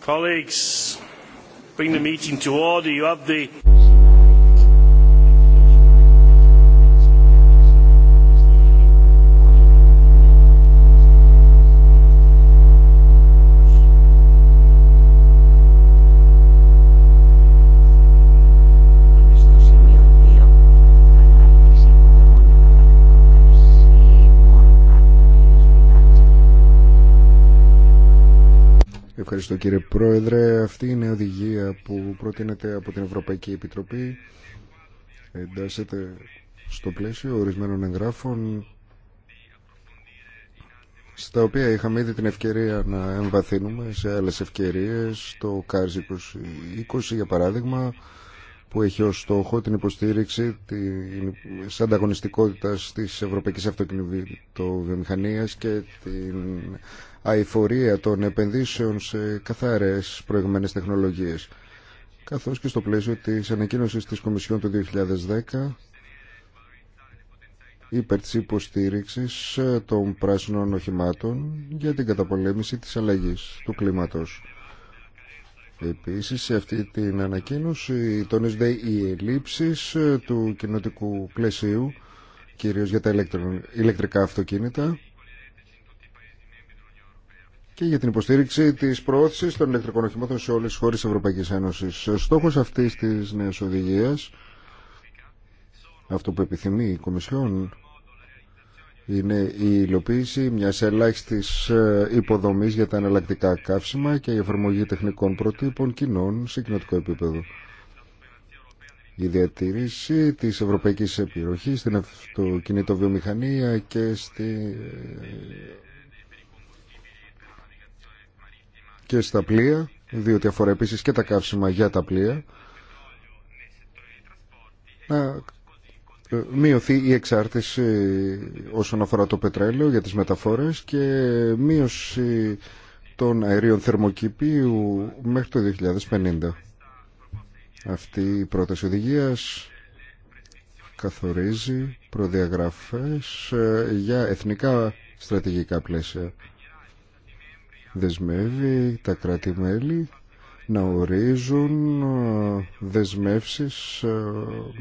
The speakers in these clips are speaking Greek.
Colleagues, bring the meeting to order. You have the... Ευχαριστώ κύριε Πρόεδρε. Αυτή είναι η οδηγία που προτείνεται από την Ευρωπαϊκή Επιτροπή. Εντάσσεται στο πλαίσιο ορισμένων εγγράφων στα οποία είχαμε ήδη την ευκαιρία να εμβαθύνουμε σε άλλες ευκαιρίες, το CARS 2020 για παράδειγμα, που έχει ως στόχο την υποστήριξη της ανταγωνιστικότητας της ευρωπαϊκής αυτοκινητοβιομηχανίας και την αηφορία των επενδύσεων σε καθαρές προηγμένες τεχνολογίες καθώς και στο πλαίσιο της ανακοίνωσης της Κομισιόν του 2010 υπέρ της υποστήριξης των πράσινων οχημάτων για την καταπολέμηση της αλλαγής του κλίματος. Επίσης, σε αυτή την ανακοίνωση τονίζονται οι ελλείψεις ε, του κοινοτικού πλαισίου, κυρίως για τα ηλεκτρικά αυτοκίνητα και για την υποστήριξη της προώθησης των ηλεκτρικών οχημάτων σε όλες τις χώρες της Ευρωπαϊκής Ένωσης. Στόχος αυτής της νέας οδηγίας, αυτό που επιθυμεί η Κομισιόν, είναι η υλοποίηση μια ελάχιστης ε, υποδομής για τα εναλλακτικά καύσιμα και η εφαρμογή τεχνικών προτύπων κοινών σε κοινωτικό επίπεδο. Η διατήρηση της ευρωπαϊκής επιρροχής στην αυτοκινητοβιομηχανία και στη ε, και στα πλοία, διότι αφορά επίσης και τα καύσιμα για τα πλοία. Να μειωθεί η εξάρτηση όσον αφορά το πετρέλαιο για τις μεταφορές και μείωση των αερίων θερμοκηπίου μέχρι το 2050. Αυτή η πρόταση οδηγίας καθορίζει προδιαγραφές ε, για εθνικά στρατηγικά πλαίσια. Δεσμεύει τα κράτη-μέλη να ορίζουν ε, δεσμεύσεις ε,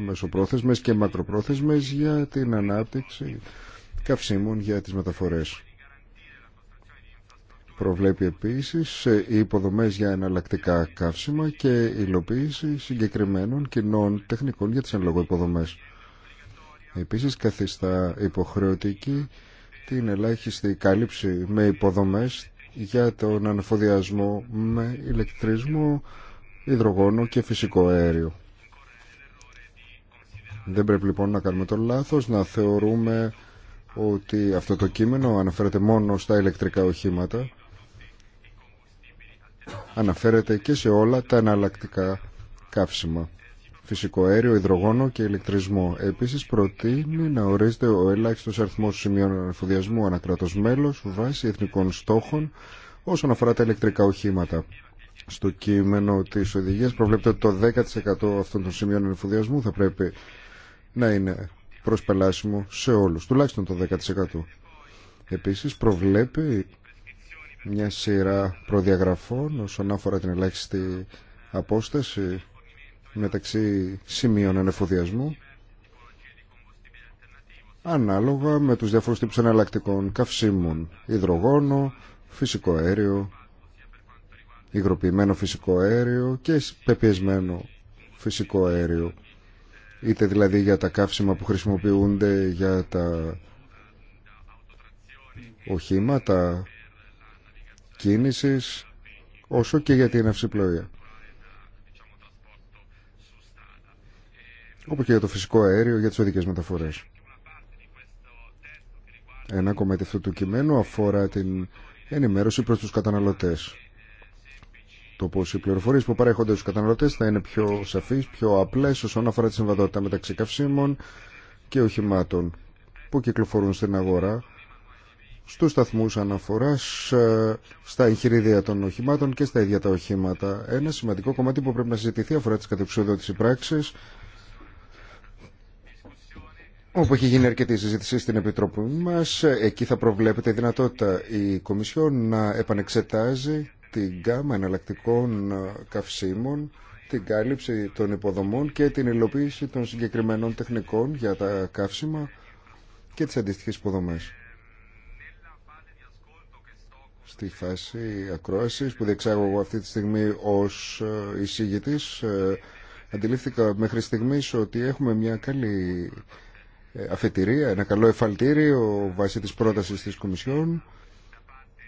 μεσοπρόθεσμες και μακροπρόθεσμες για την ανάπτυξη καυσίμων για τις μεταφορές. Προβλέπει επίσης ε, υποδομές για εναλλακτικά καύσιμα και υλοποίηση συγκεκριμένων κοινών τεχνικών για τις εν υποδομές. Επίσης καθιστά υποχρεωτική την ελάχιστη κάλυψη με υποδομές για τον ανεφοδιασμό με ηλεκτρισμό, υδρογόνο και φυσικό αέριο. Δεν πρέπει λοιπόν να κάνουμε το λάθος να θεωρούμε ότι αυτό το κείμενο αναφέρεται μόνο στα ηλεκτρικά οχήματα αναφέρεται και σε όλα τα εναλλακτικά καύσιμα φυσικό αέριο, υδρογόνο και ηλεκτρισμό. Επίση, προτείνει να ορίζεται ο ελάχιστο αριθμό σημείων αναφοδιασμού ανακρατός μέλο βάσει εθνικών στόχων όσον αφορά τα ηλεκτρικά οχήματα. Στο κείμενο τη οδηγία προβλέπεται ότι το 10% αυτών των σημείων εφοδιασμού θα πρέπει να είναι προσπελάσιμο σε όλου, τουλάχιστον το 10%. Επίση, προβλέπει μια σειρά προδιαγραφών όσον αφορά την ελάχιστη απόσταση μεταξύ σημείων ανεφοδιασμού ανάλογα με τους διάφορους τύπους εναλλακτικών καυσίμων, υδρογόνο, φυσικό αέριο, υγροποιημένο φυσικό αέριο και πεπιεσμένο φυσικό αέριο. Είτε δηλαδή για τα καύσιμα που χρησιμοποιούνται για τα οχήματα κίνησης, όσο και για την αυσιπλοεία. όπως και για το φυσικό αέριο για τις οδικές μεταφορές. Ένα κομμάτι αυτού του κειμένου αφορά την ενημέρωση προς τους καταναλωτές. Το πώς οι πληροφορίες που παρέχονται στους καταναλωτές θα είναι πιο σαφείς, πιο απλές όσον αφορά τη συμβατότητα μεταξύ καυσίμων και οχημάτων που κυκλοφορούν στην αγορά στους σταθμούς αναφοράς, ε, στα εγχειρίδια των οχημάτων και στα ίδια τα οχήματα. Ένα σημαντικό κομμάτι που πρέπει να συζητηθεί αφορά τις κατεξοδότηση πράξεις Όπου έχει γίνει αρκετή συζήτηση στην Επιτροπή μα, εκεί θα προβλέπεται η δυνατότητα η Κομισιόν να επανεξετάζει την γκάμα εναλλακτικών καυσίμων, την κάλυψη των υποδομών και την υλοποίηση των συγκεκριμένων τεχνικών για τα καύσιμα και τις αντίστοιχες υποδομές. Στη φάση ακρόασης που διεξάγω εγώ αυτή τη στιγμή ως εισηγητής, ε, αντιλήφθηκα μέχρι στιγμής ότι έχουμε μια καλή ε, αφετηρία, ένα καλό εφαλτήριο βάσει της πρότασης της Κομισιόν.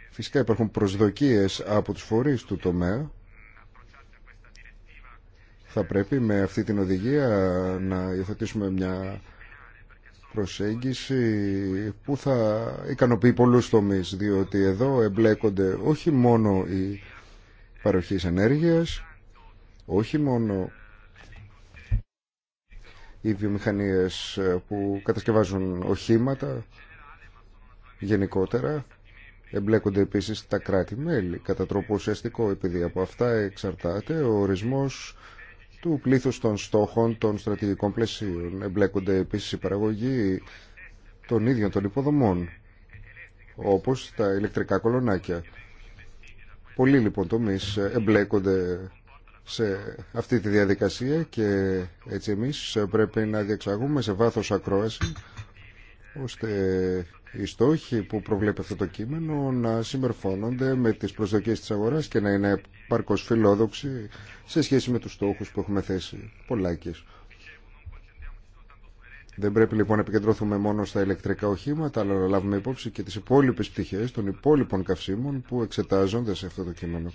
Φυσικά υπάρχουν προσδοκίες από τους φορείς του τομέα. Θα πρέπει με αυτή την οδηγία να υιοθετήσουμε μια προσέγγιση που θα ικανοποιεί πολλούς τομείς, διότι εδώ εμπλέκονται όχι μόνο οι παροχής ενέργειας, όχι μόνο οι βιομηχανίες ε, που κατασκευάζουν οχήματα γενικότερα. Εμπλέκονται επίσης τα κράτη-μέλη κατά τρόπο ουσιαστικό επειδή από αυτά εξαρτάται ο ορισμός του πλήθους των στόχων των στρατηγικών πλαισίων. Εμπλέκονται επίσης η παραγωγή των ίδιων των υποδομών όπως τα ηλεκτρικά κολονάκια. Πολλοί λοιπόν τομείς ε, εμπλέκονται σε αυτή τη διαδικασία και έτσι εμείς πρέπει να διεξαγούμε σε βάθος ακρόαση ώστε οι στόχοι που προβλέπει αυτό το κείμενο να συμπερφώνονται με τις προσδοκίες της αγοράς και να είναι παρκώς φιλόδοξοι σε σχέση με τους στόχους που έχουμε θέσει πολλάκες. Δεν πρέπει λοιπόν να επικεντρώθουμε μόνο στα ηλεκτρικά οχήματα, αλλά να λάβουμε υπόψη και τις υπόλοιπες πτυχές των υπόλοιπων καυσίμων που εξετάζονται σε αυτό το κείμενο.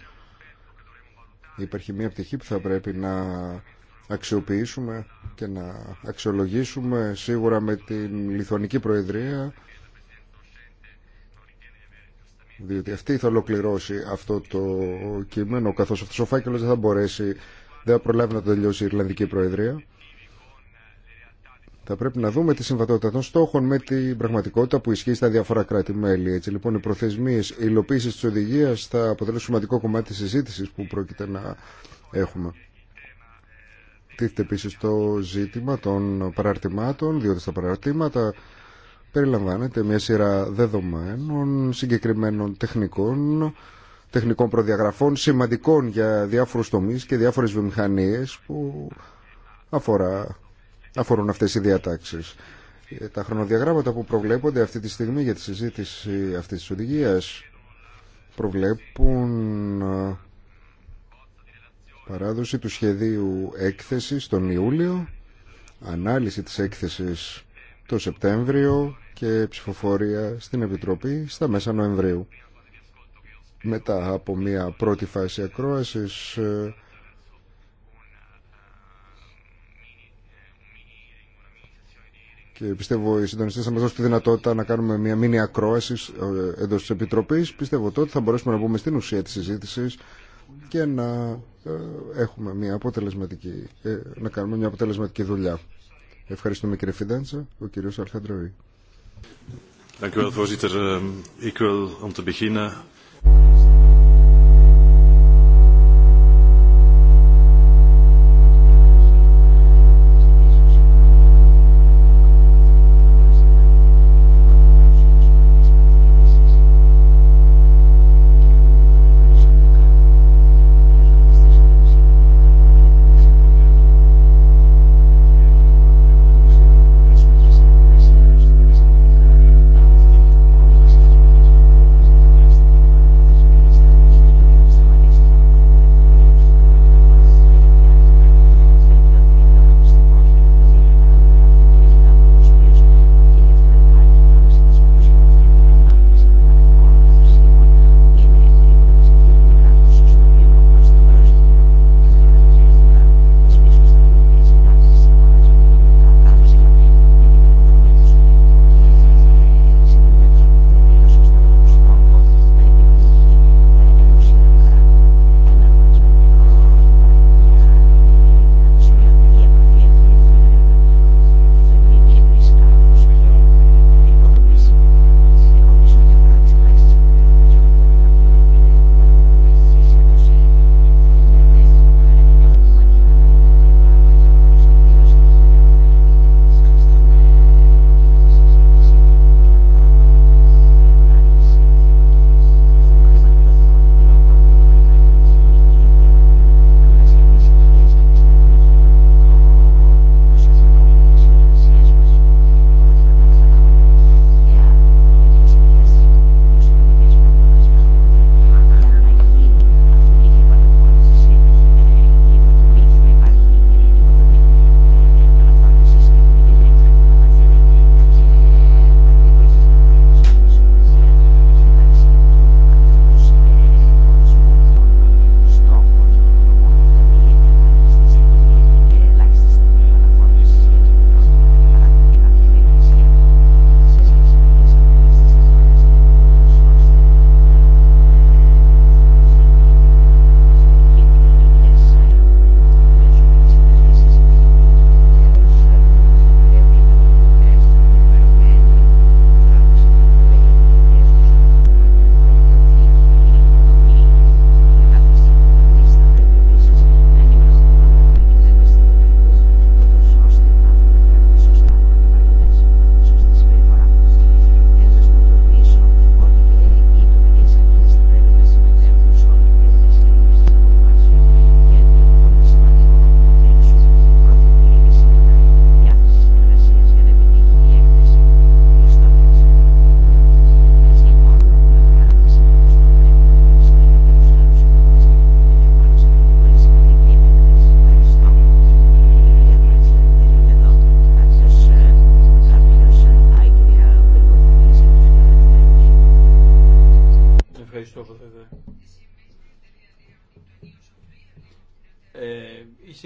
Υπάρχει μια πτυχή που θα πρέπει να αξιοποιήσουμε και να αξιολογήσουμε σίγουρα με την Λιθωνική Προεδρία διότι αυτή θα ολοκληρώσει αυτό το κείμενο καθώς αυτός ο φάκελος δεν θα μπορέσει δεν θα προλάβει να το τελειώσει η Ιρλανδική Προεδρία θα πρέπει να δούμε τη συμβατότητα των στόχων με την πραγματικότητα που ισχύει στα διάφορα κράτη-μέλη. Έτσι λοιπόν οι προθεσμίε υλοποίηση τη οδηγία θα αποτελούν σημαντικό κομμάτι τη συζήτηση που πρόκειται να έχουμε. Τίθεται επίση το ζήτημα των παραρτημάτων, διότι στα παραρτήματα περιλαμβάνεται μια σειρά δεδομένων, συγκεκριμένων τεχνικών, τεχνικών προδιαγραφών, σημαντικών για διάφορους τομείς και διάφορες βιομηχανίες που αφορά αφορούν αυτές οι διατάξεις. Ε, τα χρονοδιαγράμματα που προβλέπονται αυτή τη στιγμή για τη συζήτηση αυτής της οδηγίας προβλέπουν ε, παράδοση του σχεδίου έκθεσης τον Ιούλιο, ανάλυση της έκθεσης το Σεπτέμβριο και ψηφοφορία στην Επιτροπή στα μέσα Νοεμβρίου. Μετά από μια πρώτη φάση ακρόασης ε, και πιστεύω οι συντονιστέ θα μα δώσουν τη δυνατότητα να κάνουμε μια μήνυα ακρόαση ε, εντός τη Επιτροπής. Πιστεύω τότε θα μπορέσουμε να μπούμε στην ουσία τη συζήτηση και να ε, έχουμε μια αποτελεσματική, ε, να κάνουμε μια αποτελεσματική δουλειά. Ευχαριστούμε κύριε Φιντάντσα, ο κύριος Αλχαντροή. Dank u voorzitter. Ehm, ik wil om te beginnen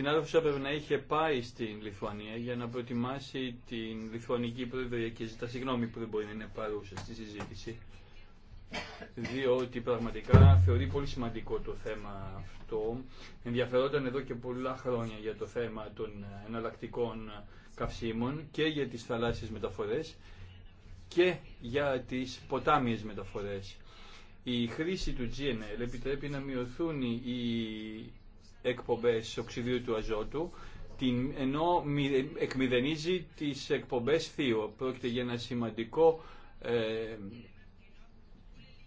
συνάδελφος έπρεπε να είχε πάει στην Λιθουανία για να προετοιμάσει την Λιθουανική Προεδρία και ζητά συγγνώμη που δεν μπορεί να είναι παρούσα στη συζήτηση διότι πραγματικά θεωρεί πολύ σημαντικό το θέμα αυτό. Ενδιαφερόταν εδώ και πολλά χρόνια για το θέμα των εναλλακτικών καυσίμων και για τις θαλάσσιες μεταφορές και για τις ποτάμιες μεταφορές. Η χρήση του GNL επιτρέπει να μειωθούν οι εκπομπές οξυδίου του αζότου, την, ενώ εκμηδενίζει τις εκπομπές θείου. Πρόκειται για ένα σημαντικό ε,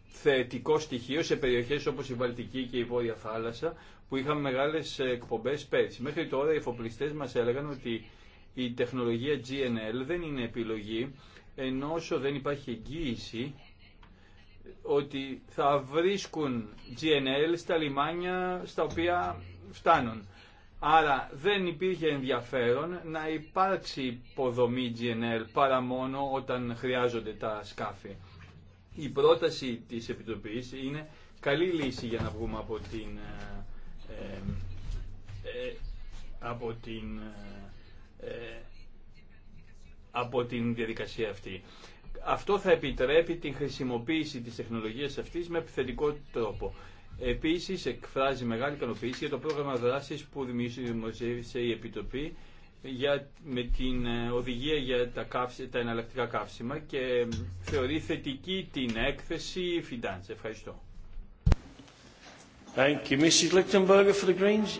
θετικό στοιχείο σε περιοχές όπως η Βαλτική και η Βόρεια Θάλασσα, που είχαμε μεγάλες εκπομπές πέρσι. Μέχρι τώρα οι εφοπλιστές μας έλεγαν ότι η τεχνολογία GNL δεν είναι επιλογή, ενώ όσο δεν υπάρχει εγγύηση ότι θα βρίσκουν GNL στα λιμάνια στα οποία φτάνουν. Άρα δεν υπήρχε ενδιαφέρον να υπάρξει υποδομή GNL παρά μόνο όταν χρειάζονται τα σκάφη. Η πρόταση της Επιτροπής είναι καλή λύση για να βγούμε από την, ε, ε, ε, από την, από την διαδικασία αυτή. Αυτό θα επιτρέπει την χρησιμοποίηση της τεχνολογίας αυτής με επιθετικό τρόπο. Επίσης εκφράζει μεγάλη ικανοποίηση για το πρόγραμμα δράση που δημιουργήσε η Επιτροπή για, με την ε, οδηγία για τα, εναλλακτικά καύσιμα και ε, θεωρεί θετική την έκθεση Φιντάντς. Ευχαριστώ. Thank you, Mrs. Lichtenberger for the Greens.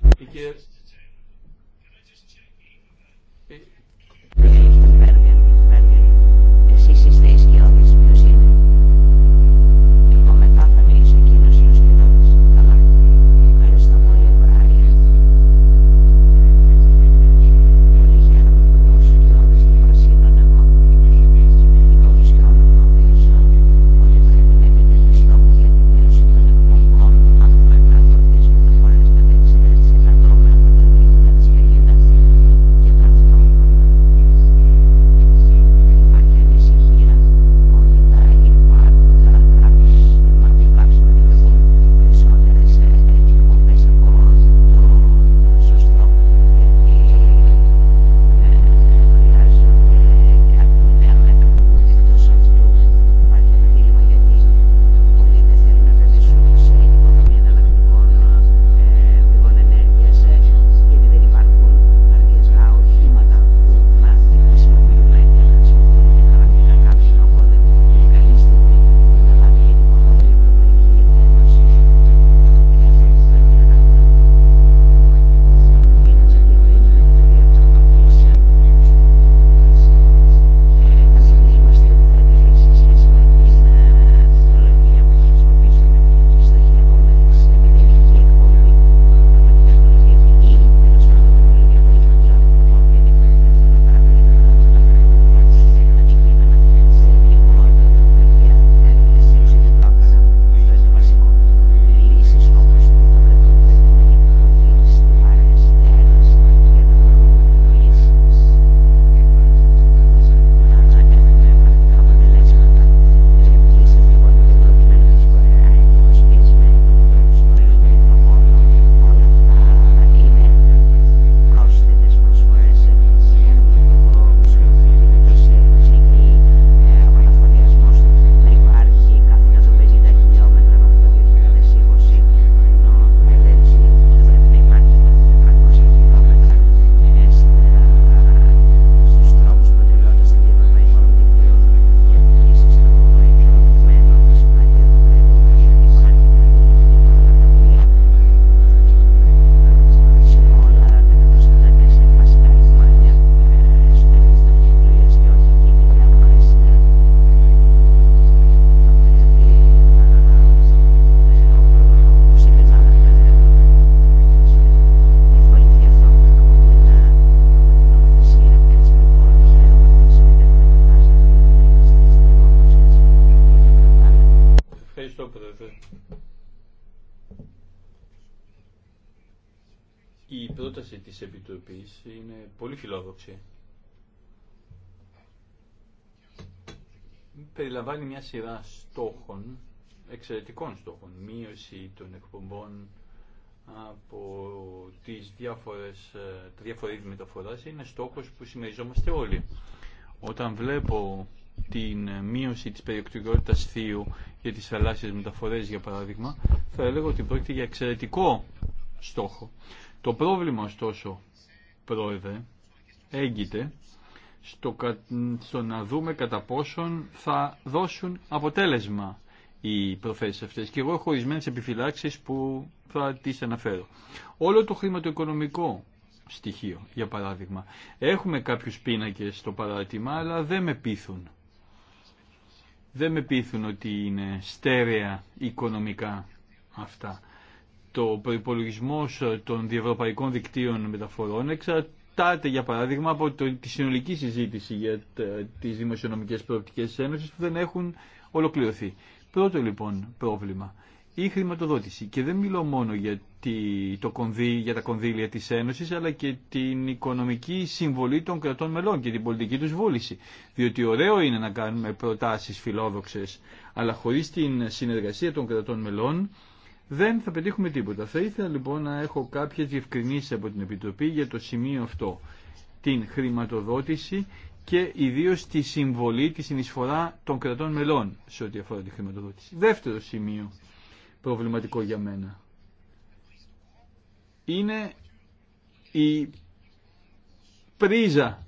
είναι πολύ φιλόδοξη. Περιλαμβάνει μια σειρά στόχων, εξαιρετικών στόχων, μείωση των εκπομπών από τις διάφορες, ε, τα διάφορα είναι στόχος που συμμεριζόμαστε όλοι. Όταν βλέπω την μείωση της περιεκτικότητας θείου για τις θαλάσσιες μεταφορές για παράδειγμα, θα έλεγα ότι πρόκειται για εξαιρετικό στόχο. Το πρόβλημα ωστόσο Πρόεδρε, έγκυται στο, να δούμε κατά πόσον θα δώσουν αποτέλεσμα οι προθέσεις αυτές. Και εγώ έχω ορισμένε επιφυλάξεις που θα τις αναφέρω. Όλο το χρηματοοικονομικό στοιχείο, για παράδειγμα. Έχουμε κάποιους πίνακες στο παράτημα, αλλά δεν με πείθουν. Δεν με πείθουν ότι είναι στέρεα οικονομικά αυτά το προπολογισμό των διευρωπαϊκών δικτύων μεταφορών εξαρτάται για παράδειγμα από τη συνολική συζήτηση για τι δημοσιονομικέ προοπτικές τη Ένωση που δεν έχουν ολοκληρωθεί. Πρώτο λοιπόν πρόβλημα η χρηματοδότηση και δεν μιλώ μόνο για, τη, το κονδύ, για τα κονδύλια της Ένωσης αλλά και την οικονομική συμβολή των κρατών μελών και την πολιτική τους βούληση διότι ωραίο είναι να κάνουμε προτάσεις φιλόδοξες αλλά χωρίς την συνεργασία των κρατών μελών δεν θα πετύχουμε τίποτα. Θα ήθελα λοιπόν να έχω κάποιες διευκρινήσεις από την Επιτροπή για το σημείο αυτό. Την χρηματοδότηση και ιδίω τη συμβολή, τη συνεισφορά των κρατών μελών σε ό,τι αφορά τη χρηματοδότηση. Δεύτερο σημείο προβληματικό για μένα είναι η πρίζα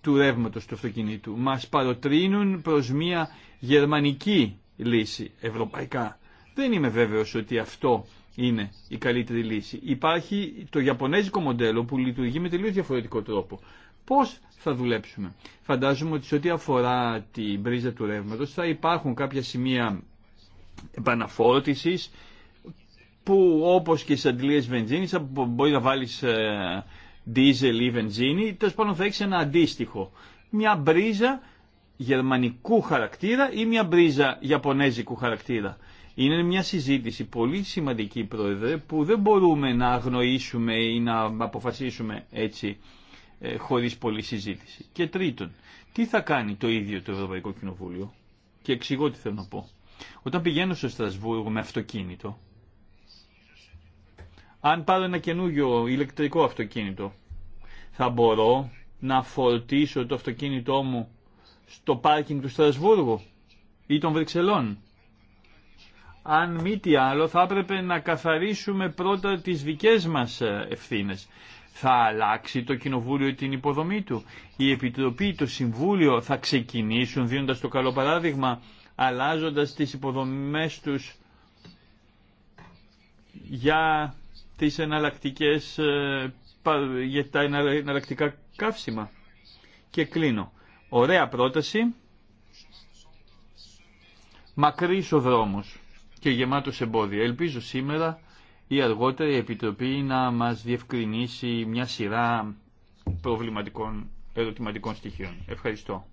του ρεύματος του αυτοκινήτου. Μας παροτρύνουν προς μια γερμανική λύση ευρωπαϊκά δεν είμαι βέβαιος ότι αυτό είναι η καλύτερη λύση. Υπάρχει το Ιαπωνέζικο μοντέλο που λειτουργεί με τελείως διαφορετικό τρόπο. Πώς θα δουλέψουμε. Φαντάζομαι ότι σε ό,τι αφορά την πρίζα του ρεύματο θα υπάρχουν κάποια σημεία επαναφόρτησης που όπως και στις αντιλίες βενζίνης μπορεί να βάλεις δίζελ ή βενζίνη, τέλο πάντων θα έχει ένα αντίστοιχο. Μια μπρίζα γερμανικού χαρακτήρα ή μια μπρίζα γιαπωνέζικου χαρακτήρα. Είναι μια συζήτηση πολύ σημαντική, Πρόεδρε, που δεν μπορούμε να αγνοήσουμε ή να αποφασίσουμε έτσι ε, χωρίς πολλή συζήτηση. Και τρίτον, τι θα κάνει το ίδιο το Ευρωπαϊκό Κοινοβούλιο. Και εξηγώ τι θέλω να πω. Όταν πηγαίνω στο Στρασβούργο με αυτοκίνητο, αν πάρω ένα καινούριο ηλεκτρικό αυτοκίνητο, θα μπορώ να φορτίσω το αυτοκίνητό μου στο πάρκινγκ του Στρασβούργου ή των Βρυξελών. Αν μη τι άλλο θα έπρεπε να καθαρίσουμε πρώτα τις δικές μας ε, ευθύνες. Θα αλλάξει το Κοινοβούλιο την υποδομή του. Η Επιτροπή, το Συμβούλιο θα ξεκινήσουν δίνοντας το καλό παράδειγμα, αλλάζοντας τις υποδομές τους για, τις εναλλακτικές, ε, για τα εναλλακτικά καύσιμα. Και κλείνω. Ωραία πρόταση, μακρύς ο δρόμος και γεμάτος εμπόδια. Ελπίζω σήμερα ή αργότερα η Επιτροπή να μας διευκρινίσει μια σειρά προβληματικών ερωτηματικών στοιχείων. Ευχαριστώ.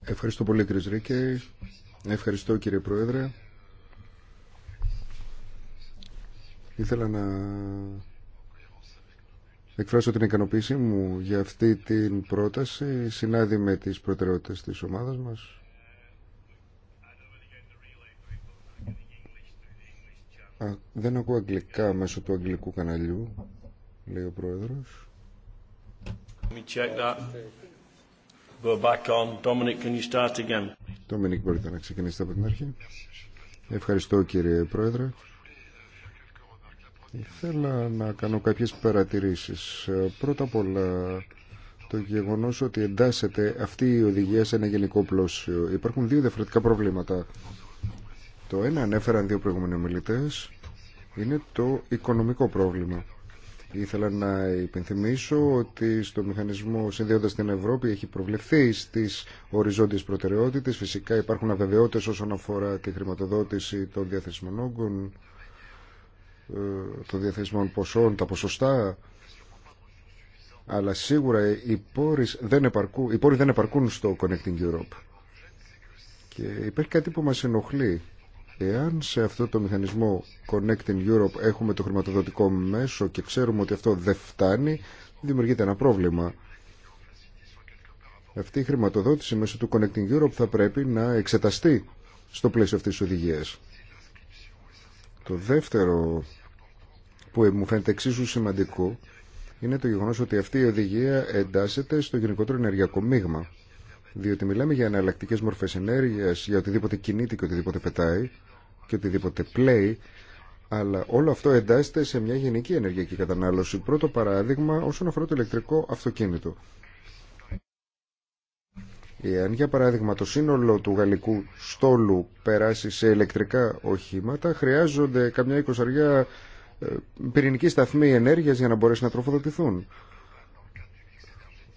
Ευχαριστώ πολύ κύριε Ρίκε. Ευχαριστώ κύριε Πρόεδρε. Ήθελα να εκφράσω την ικανοποίησή μου για αυτή την πρόταση συνάδει με τις προτεραιότητες της ομάδας μας δεν ακούω αγγλικά μέσω του αγγλικού καναλιού λέει ο πρόεδρος Dominic, μπορείτε να ξεκινήσετε από την αρχή. Ευχαριστώ κύριε Πρόεδρε. Ήθελα να κάνω κάποιες παρατηρήσεις. Πρώτα απ' όλα το γεγονός ότι εντάσσεται αυτή η οδηγία σε ένα γενικό πλώσιο. Υπάρχουν δύο διαφορετικά προβλήματα. Το ένα ανέφεραν δύο προηγούμενοι ομιλητές είναι το οικονομικό πρόβλημα. Ήθελα να υπενθυμίσω ότι στο μηχανισμό συνδέοντα την Ευρώπη έχει προβλεφθεί στι οριζόντιε προτεραιότητε. Φυσικά υπάρχουν αβεβαιότητε όσον αφορά τη χρηματοδότηση των διαθέσιμων όγκων ε, των διαθέσιμων ποσών, τα ποσοστά, αλλά σίγουρα οι πόροι δεν επαρκούν, οι πόροι δεν επαρκούν στο Connecting Europe. Και υπάρχει κάτι που μας ενοχλεί. Εάν σε αυτό το μηχανισμό Connecting Europe έχουμε το χρηματοδοτικό μέσο και ξέρουμε ότι αυτό δεν φτάνει, δημιουργείται ένα πρόβλημα. Αυτή η χρηματοδότηση μέσω του Connecting Europe θα πρέπει να εξεταστεί στο πλαίσιο αυτής της οδηγίας. Το δεύτερο που μου φαίνεται εξίσου σημαντικό είναι το γεγονός ότι αυτή η οδηγία εντάσσεται στο γενικότερο ενεργειακό μείγμα. Διότι μιλάμε για εναλλακτικέ μορφές ενέργειας, για οτιδήποτε κινείται και οτιδήποτε πετάει και οτιδήποτε πλέει, αλλά όλο αυτό εντάσσεται σε μια γενική ενεργειακή κατανάλωση. Πρώτο παράδειγμα όσον αφορά το ηλεκτρικό αυτοκίνητο. Εάν για παράδειγμα το σύνολο του γαλλικού στόλου περάσει σε ηλεκτρικά οχήματα, χρειάζονται καμιά εικοσαριά ε, πυρηνική σταθμή ενέργειας για να μπορέσουν να τροφοδοτηθούν.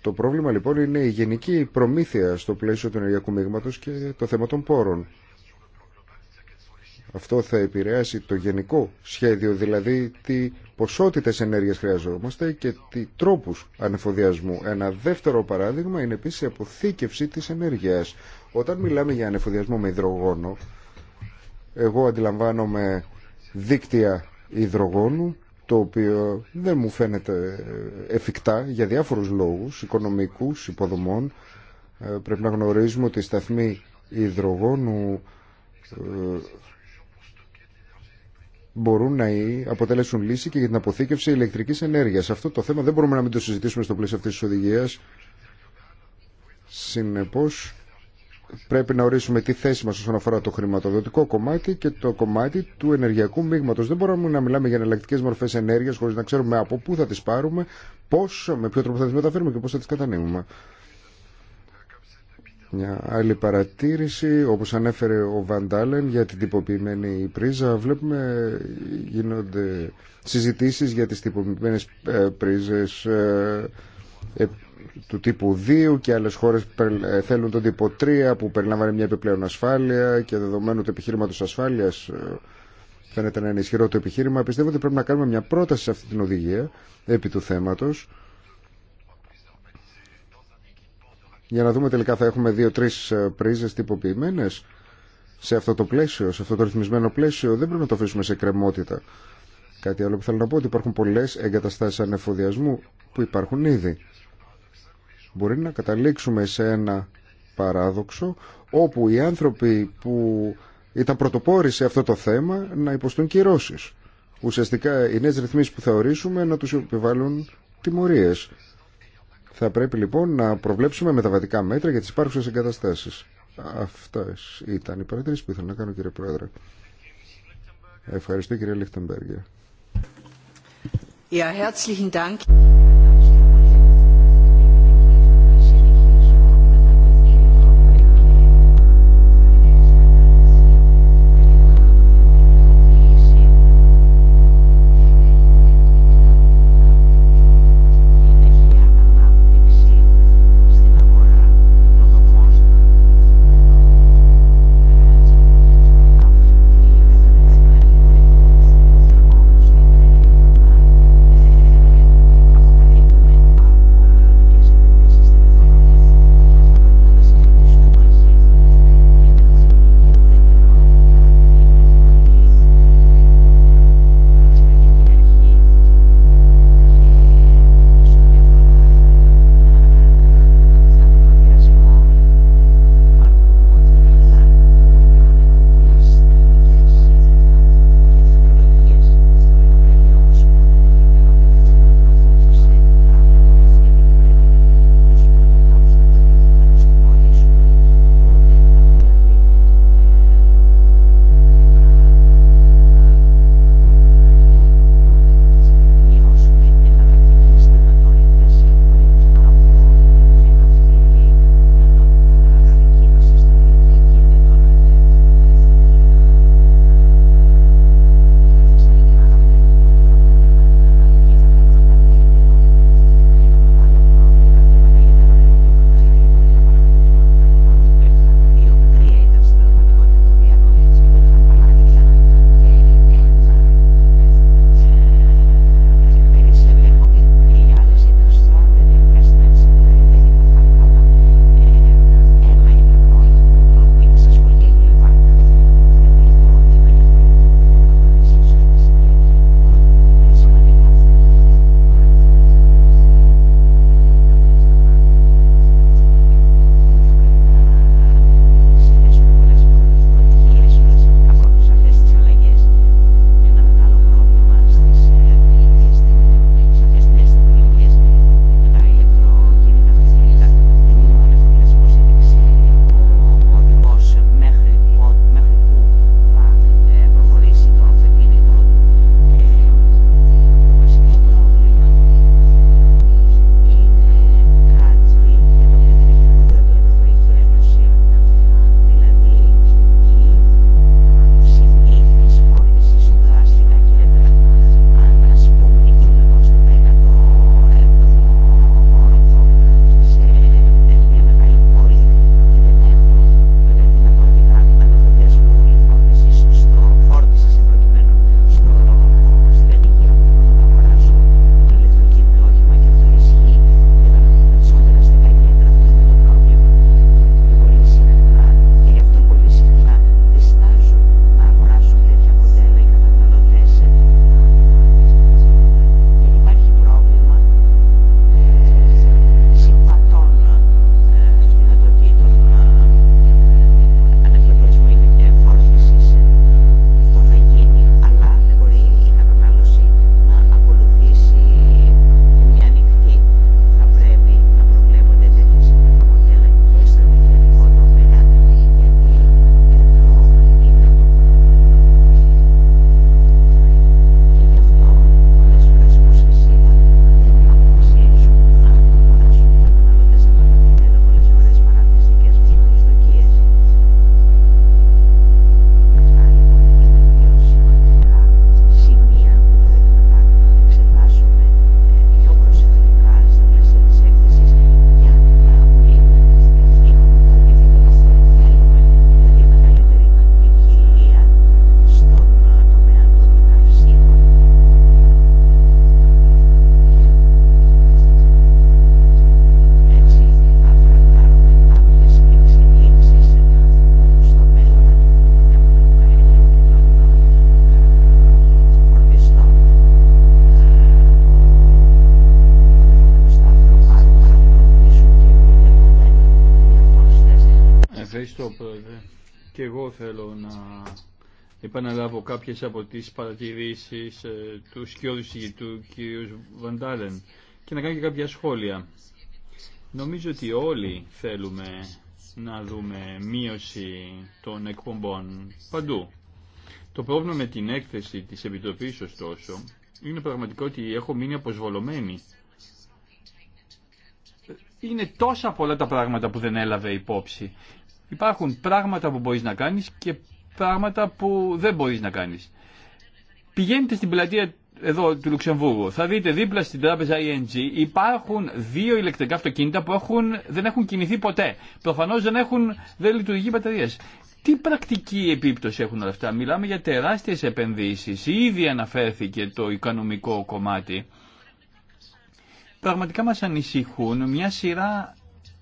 Το πρόβλημα λοιπόν είναι η γενική προμήθεια στο πλαίσιο του ενεργειακού μείγματος και το θέμα των πόρων. Αυτό θα επηρεάσει το γενικό σχέδιο, δηλαδή τι ποσότητες ενέργειας χρειαζόμαστε και τι τρόπους ανεφοδιασμού. Ένα δεύτερο παράδειγμα είναι επίσης η αποθήκευση της ενέργειας. Όταν μιλάμε για ανεφοδιασμό με υδρογόνο, εγώ αντιλαμβάνομαι δίκτυα υδρογόνου, το οποίο δεν μου φαίνεται εφικτά για διάφορους λόγους, οικονομικούς, υποδομών. Ε, πρέπει να γνωρίζουμε ότι οι σταθμοί υδρογόνου ε, μπορούν να αποτελέσουν λύση και για την αποθήκευση ηλεκτρική ενέργεια. Αυτό το θέμα δεν μπορούμε να μην το συζητήσουμε στο πλαίσιο αυτή τη οδηγία. Συνεπώ πρέπει να ορίσουμε τη θέση μα όσον αφορά το χρηματοδοτικό κομμάτι και το κομμάτι του ενεργειακού μείγματο. Δεν μπορούμε να μιλάμε για εναλλακτικέ μορφέ ενέργεια χωρί να ξέρουμε από πού θα τι πάρουμε, πώς, με ποιο τρόπο θα τι μεταφέρουμε και πώ θα τι κατανείμουμε. Μια άλλη παρατήρηση, όπως ανέφερε ο Βαντάλεν για την τυποποιημένη πρίζα, βλέπουμε γίνονται συζητήσεις για τις τυποποιημένες ε, πρίζες ε, ε, του τύπου 2 και άλλες χώρες θέλουν τον τύπο 3 που περιλαμβάνει μια επιπλέον ασφάλεια και δεδομένου του επιχείρηματος ασφάλειας φαίνεται να είναι ισχυρό το επιχείρημα. Πιστεύω ότι πρέπει να κάνουμε μια πρόταση σε αυτή την οδηγία επί του θέματος για να δούμε τελικά θα έχουμε δύο-τρεις ε, πρίζες τυποποιημένες σε αυτό το πλαίσιο, σε αυτό το ρυθμισμένο πλαίσιο. Δεν πρέπει να το αφήσουμε σε κρεμότητα. Κάτι άλλο που θέλω να πω ότι υπάρχουν πολλές εγκαταστάσεις ανεφοδιασμού που υπάρχουν ήδη. Μπορεί να καταλήξουμε σε ένα παράδοξο όπου οι άνθρωποι που ήταν πρωτοπόροι σε αυτό το θέμα να υποστούν κυρώσεις. Ουσιαστικά οι νέες ρυθμίσεις που θα να τους επιβάλλουν τιμωρίες θα πρέπει λοιπόν να προβλέψουμε μεταβατικά μέτρα για τις υπάρχουσες εγκαταστάσεις. Αυτέ ήταν οι παρατηρήσει που ήθελα να κάνω κύριε Πρόεδρε. Ευχαριστώ κύριε Λίχτεμπεργκερ. Ja, herzlichen Dank. θέλω να επαναλάβω κάποιες από τις παρατηρήσεις ε, του σκιώδου του κ. Βαντάλεν και να κάνω και κάποια σχόλια. Νομίζω ότι όλοι θέλουμε να δούμε μείωση των εκπομπών παντού. Το πρόβλημα με την έκθεση της Επιτροπής, ωστόσο, είναι πραγματικό ότι έχω μείνει αποσβολωμένη. Είναι τόσα πολλά τα πράγματα που δεν έλαβε υπόψη. Υπάρχουν πράγματα που μπορείς να κάνεις και πράγματα που δεν μπορείς να κάνεις. Πηγαίνετε στην πλατεία εδώ του Λουξεμβούργου. Θα δείτε δίπλα στην τράπεζα ING υπάρχουν δύο ηλεκτρικά αυτοκίνητα που έχουν, δεν έχουν κινηθεί ποτέ. Προφανώ δεν έχουν δεν λειτουργεί μπαταρίε. Τι πρακτική επίπτωση έχουν όλα αυτά. Μιλάμε για τεράστιε επενδύσει, Ήδη αναφέρθηκε το οικονομικό κομμάτι. Πραγματικά μα ανησυχούν μια σειρά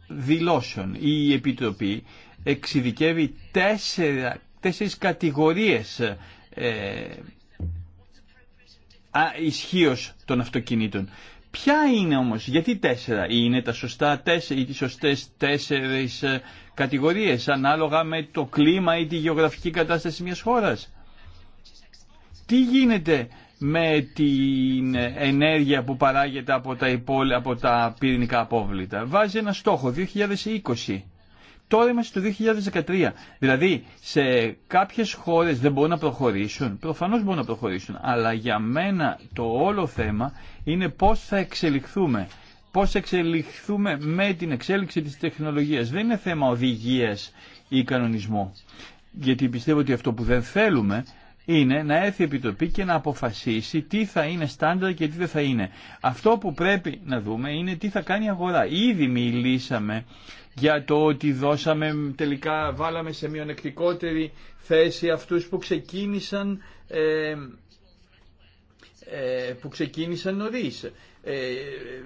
δηλώσεων. Η Επιτροπή εξειδικεύει τέσσερα, τέσσερις κατηγορίες ε, ισχύω των αυτοκινήτων. Ποια είναι όμως, γιατί τέσσερα, είναι τα σωστά τέσσερα ή σωστές τέσσερις ε, κατηγορίες ανάλογα με το κλίμα ή τη γεωγραφική κατάσταση μιας χώρας. Τι γίνεται με την ενέργεια που παράγεται από τα, από τα πυρηνικά απόβλητα. Βάζει ένα στόχο, 2020. Τώρα είμαστε το 2013. Δηλαδή, σε κάποιες χώρες δεν μπορούν να προχωρήσουν. Προφανώς μπορούν να προχωρήσουν. Αλλά για μένα το όλο θέμα είναι πώς θα εξελιχθούμε. Πώς θα εξελιχθούμε με την εξέλιξη τη τεχνολογία. Δεν είναι θέμα οδηγία ή κανονισμού. Γιατί πιστεύω ότι αυτό που δεν θέλουμε είναι να έρθει η Επιτροπή και να αποφασίσει τι θα είναι στάνταρ και τι δεν θα είναι. Αυτό που πρέπει να δούμε είναι τι θα κάνει η αγορά. Ήδη μιλήσαμε για το ότι δώσαμε τελικά, βάλαμε σε μειονεκτικότερη θέση αυτούς που ξεκίνησαν, ε, ε που ξεκίνησαν νωρίς. Ε,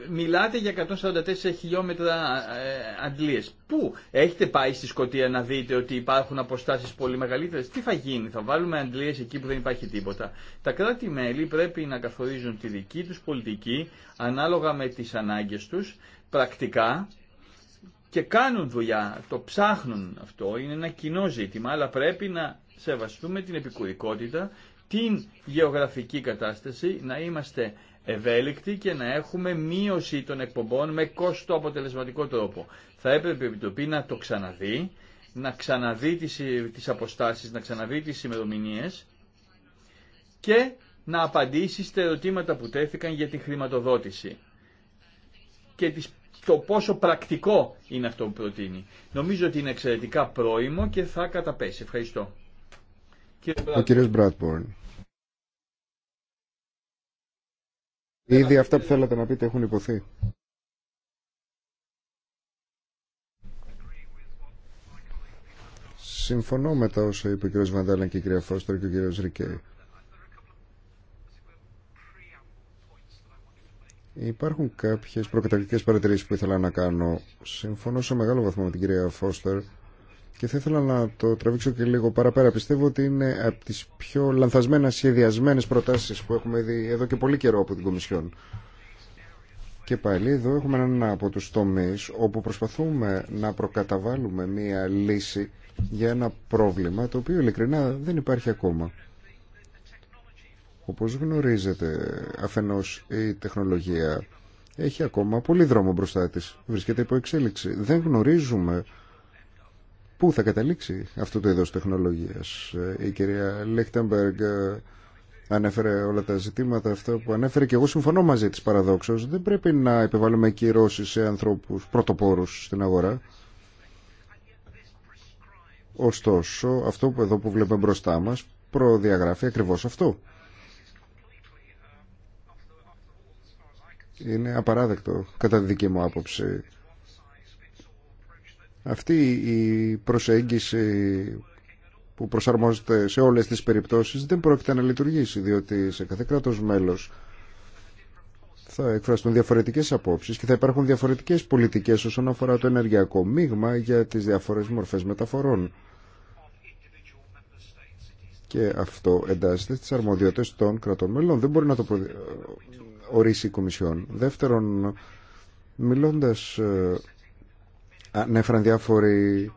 μιλάτε για 144 χιλιόμετρα ε, αντλίες. Πού έχετε πάει στη Σκωτία να δείτε ότι υπάρχουν αποστάσεις πολύ μεγαλύτερες. Τι θα γίνει, θα βάλουμε αντλίες εκεί που δεν υπάρχει τίποτα. Τα κράτη-μέλη πρέπει να καθορίζουν τη δική τους πολιτική ανάλογα με τις ανάγκες τους, πρακτικά και κάνουν δουλειά, το ψάχνουν αυτό, είναι ένα κοινό ζήτημα, αλλά πρέπει να σεβαστούμε την επικουρικότητα, την γεωγραφική κατάσταση, να είμαστε ευέλικτοι και να έχουμε μείωση των εκπομπών με κόστο αποτελεσματικό τρόπο. Θα έπρεπε η Επιτροπή να το ξαναδεί, να ξαναδεί τις, τις αποστάσεις, να ξαναδεί τις ημερομηνίε και να απαντήσει στα ερωτήματα που τέθηκαν για τη χρηματοδότηση και τις το πόσο πρακτικό είναι αυτό που προτείνει. Νομίζω ότι είναι εξαιρετικά πρόημο και θα καταπέσει. Ευχαριστώ. Ο κύριος Μπράτμπορν. Ήδη αυτά που θέλατε να πείτε έχουν υποθεί. Συμφωνώ με τα όσα είπε ο κ. Βαντάλλαν και η κυρία Φώστερ και ο κ. Ρικέη. Υπάρχουν κάποιες προκαταρκτικές παρατηρήσεις που ήθελα να κάνω. Συμφωνώ σε μεγάλο βαθμό με την κυρία Φώστερ και θα ήθελα να το τραβήξω και λίγο παραπέρα. Πιστεύω ότι είναι από τις πιο λανθασμένα σχεδιασμένες προτάσεις που έχουμε δει εδώ και πολύ καιρό από την Κομισιόν. Και πάλι εδώ έχουμε έναν από τους τομείς όπου προσπαθούμε να προκαταβάλουμε μία λύση για ένα πρόβλημα το οποίο ειλικρινά δεν υπάρχει ακόμα. Όπως γνωρίζετε, αφενός η τεχνολογία έχει ακόμα πολύ δρόμο μπροστά της. Βρίσκεται υπό εξέλιξη. Δεν γνωρίζουμε πού θα καταλήξει αυτό το είδος τεχνολογίας. Ε, η κυρία Λέχτεμπεργκ ε, ανέφερε όλα τα ζητήματα αυτά που ανέφερε και εγώ συμφωνώ μαζί της παραδόξως. Δεν πρέπει να επιβάλλουμε κυρώσεις σε ανθρώπους πρωτοπόρους στην αγορά. Ωστόσο, αυτό που εδώ που βλέπουμε μπροστά μας προδιαγράφει ακριβώς αυτό. Είναι απαράδεκτο κατά τη δική μου άποψη. Αυτή η προσέγγιση που προσαρμόζεται σε όλες τις περιπτώσεις δεν πρόκειται να λειτουργήσει διότι σε κάθε κράτος μέλος θα εκφραστούν διαφορετικές απόψεις και θα υπάρχουν διαφορετικές πολιτικές όσον αφορά το ενεργειακό μείγμα για τις διάφορες μορφές μεταφορών. Και αυτό εντάσσεται στις αρμοδιότητες των κρατών μελών. Δεν μπορεί να το ορίσει Κομισιόν. Δεύτερον, μιλώντας, ε, ανέφεραν διάφοροι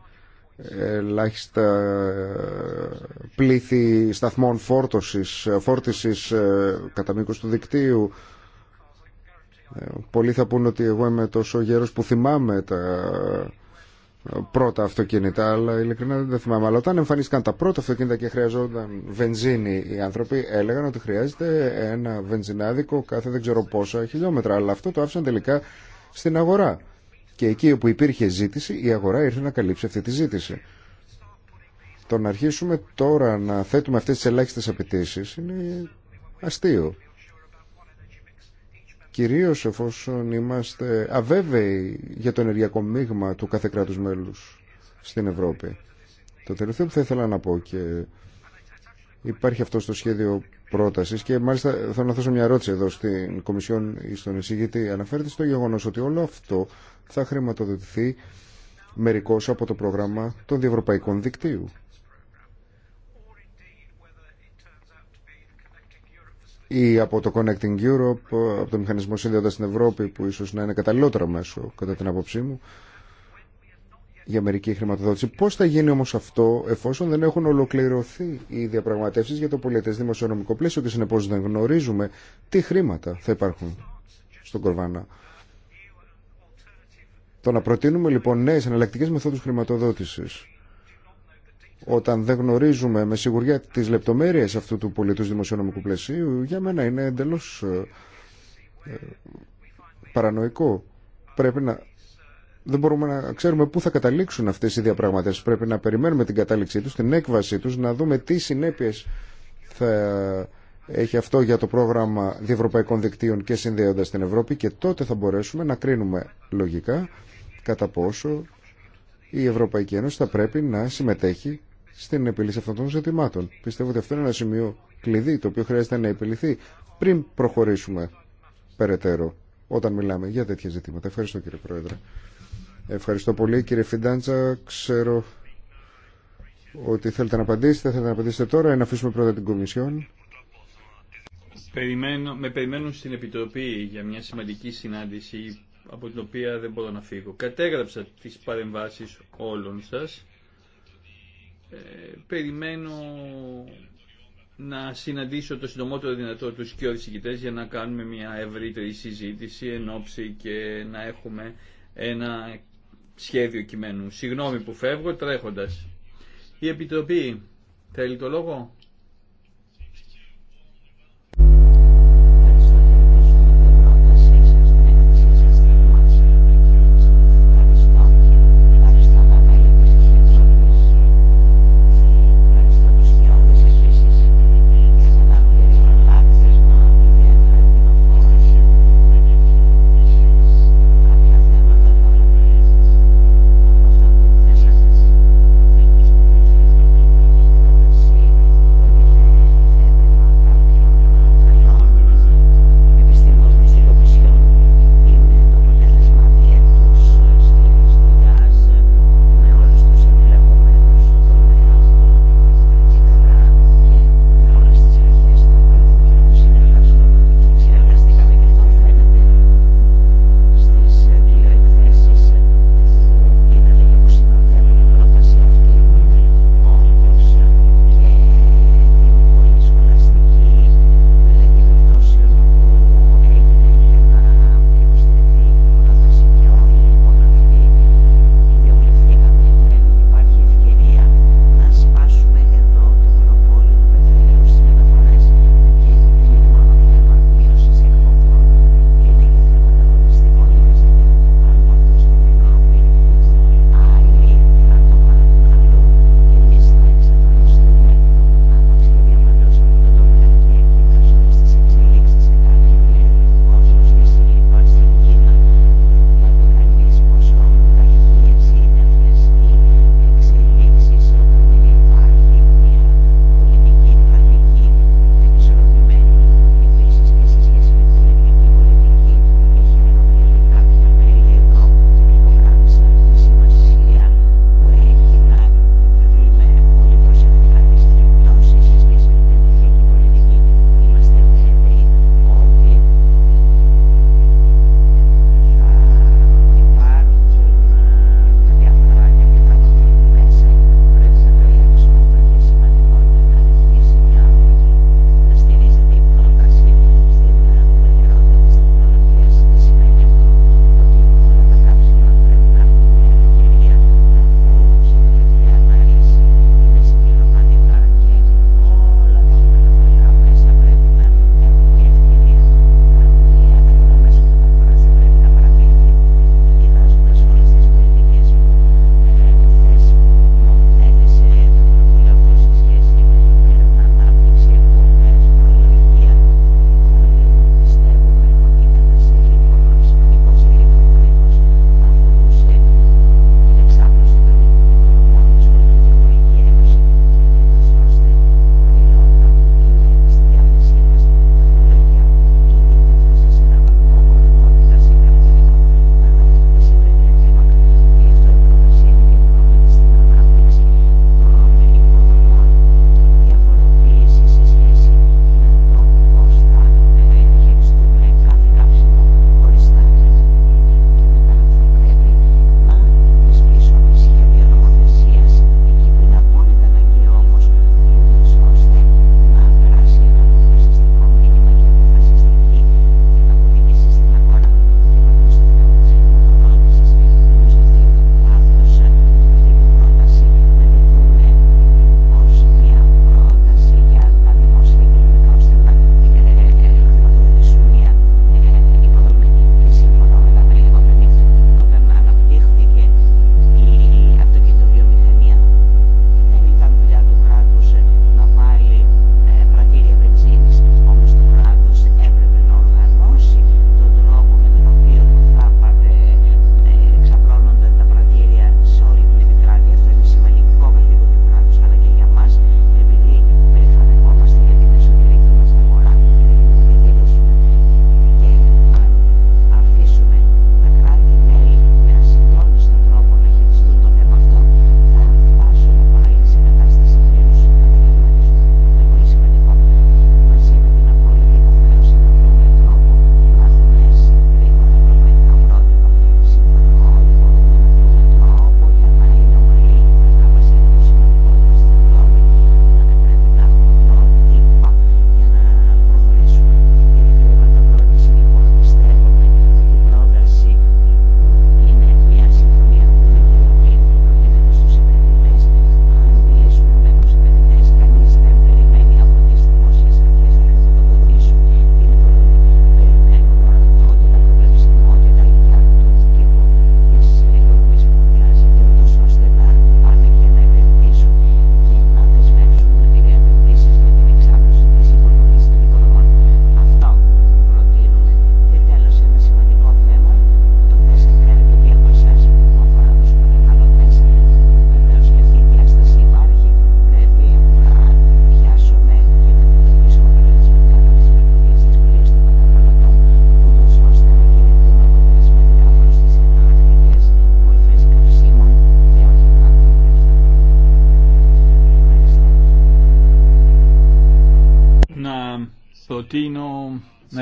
ε, ελάχιστα ε, πλήθη σταθμών φόρτωσης, φόρτισης κατά μήκος του δικτύου. Πολλοί θα πούν ότι εγώ είμαι τόσο γέρος που θυμάμαι τα πρώτα αυτοκίνητα, αλλά ειλικρινά δεν θυμάμαι. Αλλά όταν εμφανίστηκαν τα πρώτα αυτοκίνητα και χρειαζόταν βενζίνη, οι άνθρωποι έλεγαν ότι χρειάζεται ένα βενζινάδικο κάθε δεν ξέρω πόσα χιλιόμετρα. Αλλά αυτό το άφησαν τελικά στην αγορά. Και εκεί όπου υπήρχε ζήτηση, η αγορά ήρθε να καλύψει αυτή τη ζήτηση. Το να αρχίσουμε τώρα να θέτουμε αυτές τις ελάχιστες απαιτήσει είναι αστείο κυρίως εφόσον είμαστε αβέβαιοι για το ενεργειακό μείγμα του κάθε κράτους μέλους στην Ευρώπη. Το τελευταίο που θα ήθελα να πω και υπάρχει αυτό στο σχέδιο πρότασης και μάλιστα θέλω να θέσω μια ερώτηση εδώ στην Κομισιόν ή στον εισηγητή. Αναφέρεται στο γεγονός ότι όλο αυτό θα χρηματοδοτηθεί μερικώς από το πρόγραμμα των διευρωπαϊκών δικτύου. ή από το Connecting Europe, από το Μηχανισμό Σύνδεοντα στην Ευρώπη, που ίσω να είναι καταλληλότερο μέσο, κατά την άποψή μου, για μερική χρηματοδότηση. Πώ θα γίνει όμω αυτό, εφόσον δεν έχουν ολοκληρωθεί οι διαπραγματεύσει για το πολιτέ δημοσιονομικό πλαίσιο και συνεπώ δεν γνωρίζουμε τι χρήματα θα υπάρχουν στον Κορβάνα. Το να προτείνουμε λοιπόν νέε εναλλακτικέ μεθόδου χρηματοδότηση όταν δεν γνωρίζουμε με σιγουριά τις λεπτομέρειες αυτού του πολιτούς δημοσιονομικού πλαισίου, για μένα είναι εντελώς ε, ε, παρανοϊκό. Πρέπει να... Δεν μπορούμε να ξέρουμε πού θα καταλήξουν αυτές οι διαπραγματεύσεις. Πρέπει να περιμένουμε την κατάληξή τους, την έκβασή τους, να δούμε τι συνέπειες θα έχει αυτό για το πρόγραμμα διευρωπαϊκών δικτύων και συνδέοντας την Ευρώπη και τότε θα μπορέσουμε να κρίνουμε λογικά κατά πόσο η Ευρωπαϊκή Ένωση θα πρέπει να συμμετέχει στην επίλυση αυτών των ζητημάτων. Πιστεύω ότι αυτό είναι ένα σημείο κλειδί το οποίο χρειάζεται να επιληθεί πριν προχωρήσουμε περαιτέρω όταν μιλάμε για τέτοια ζητήματα. Ευχαριστώ κύριε Πρόεδρε. Ευχαριστώ πολύ κύριε Φιντάντσα. Ξέρω ότι θέλετε να απαντήσετε. Θέλετε να απαντήσετε τώρα ή να αφήσουμε πρώτα την Κομισιόν. Περιμένω, με περιμένουν στην Επιτροπή για μια σημαντική συνάντηση από την οποία δεν μπορώ να φύγω. Κατέγραψα τις παρεμβάσεις όλων σας ε, περιμένω να συναντήσω το συντομότερο δυνατό τους και συγκητές για να κάνουμε μια ευρύτερη συζήτηση εν ώψη και να έχουμε ένα σχέδιο κειμένου. Συγγνώμη που φεύγω τρέχοντας. Η Επιτροπή θέλει το λόγο.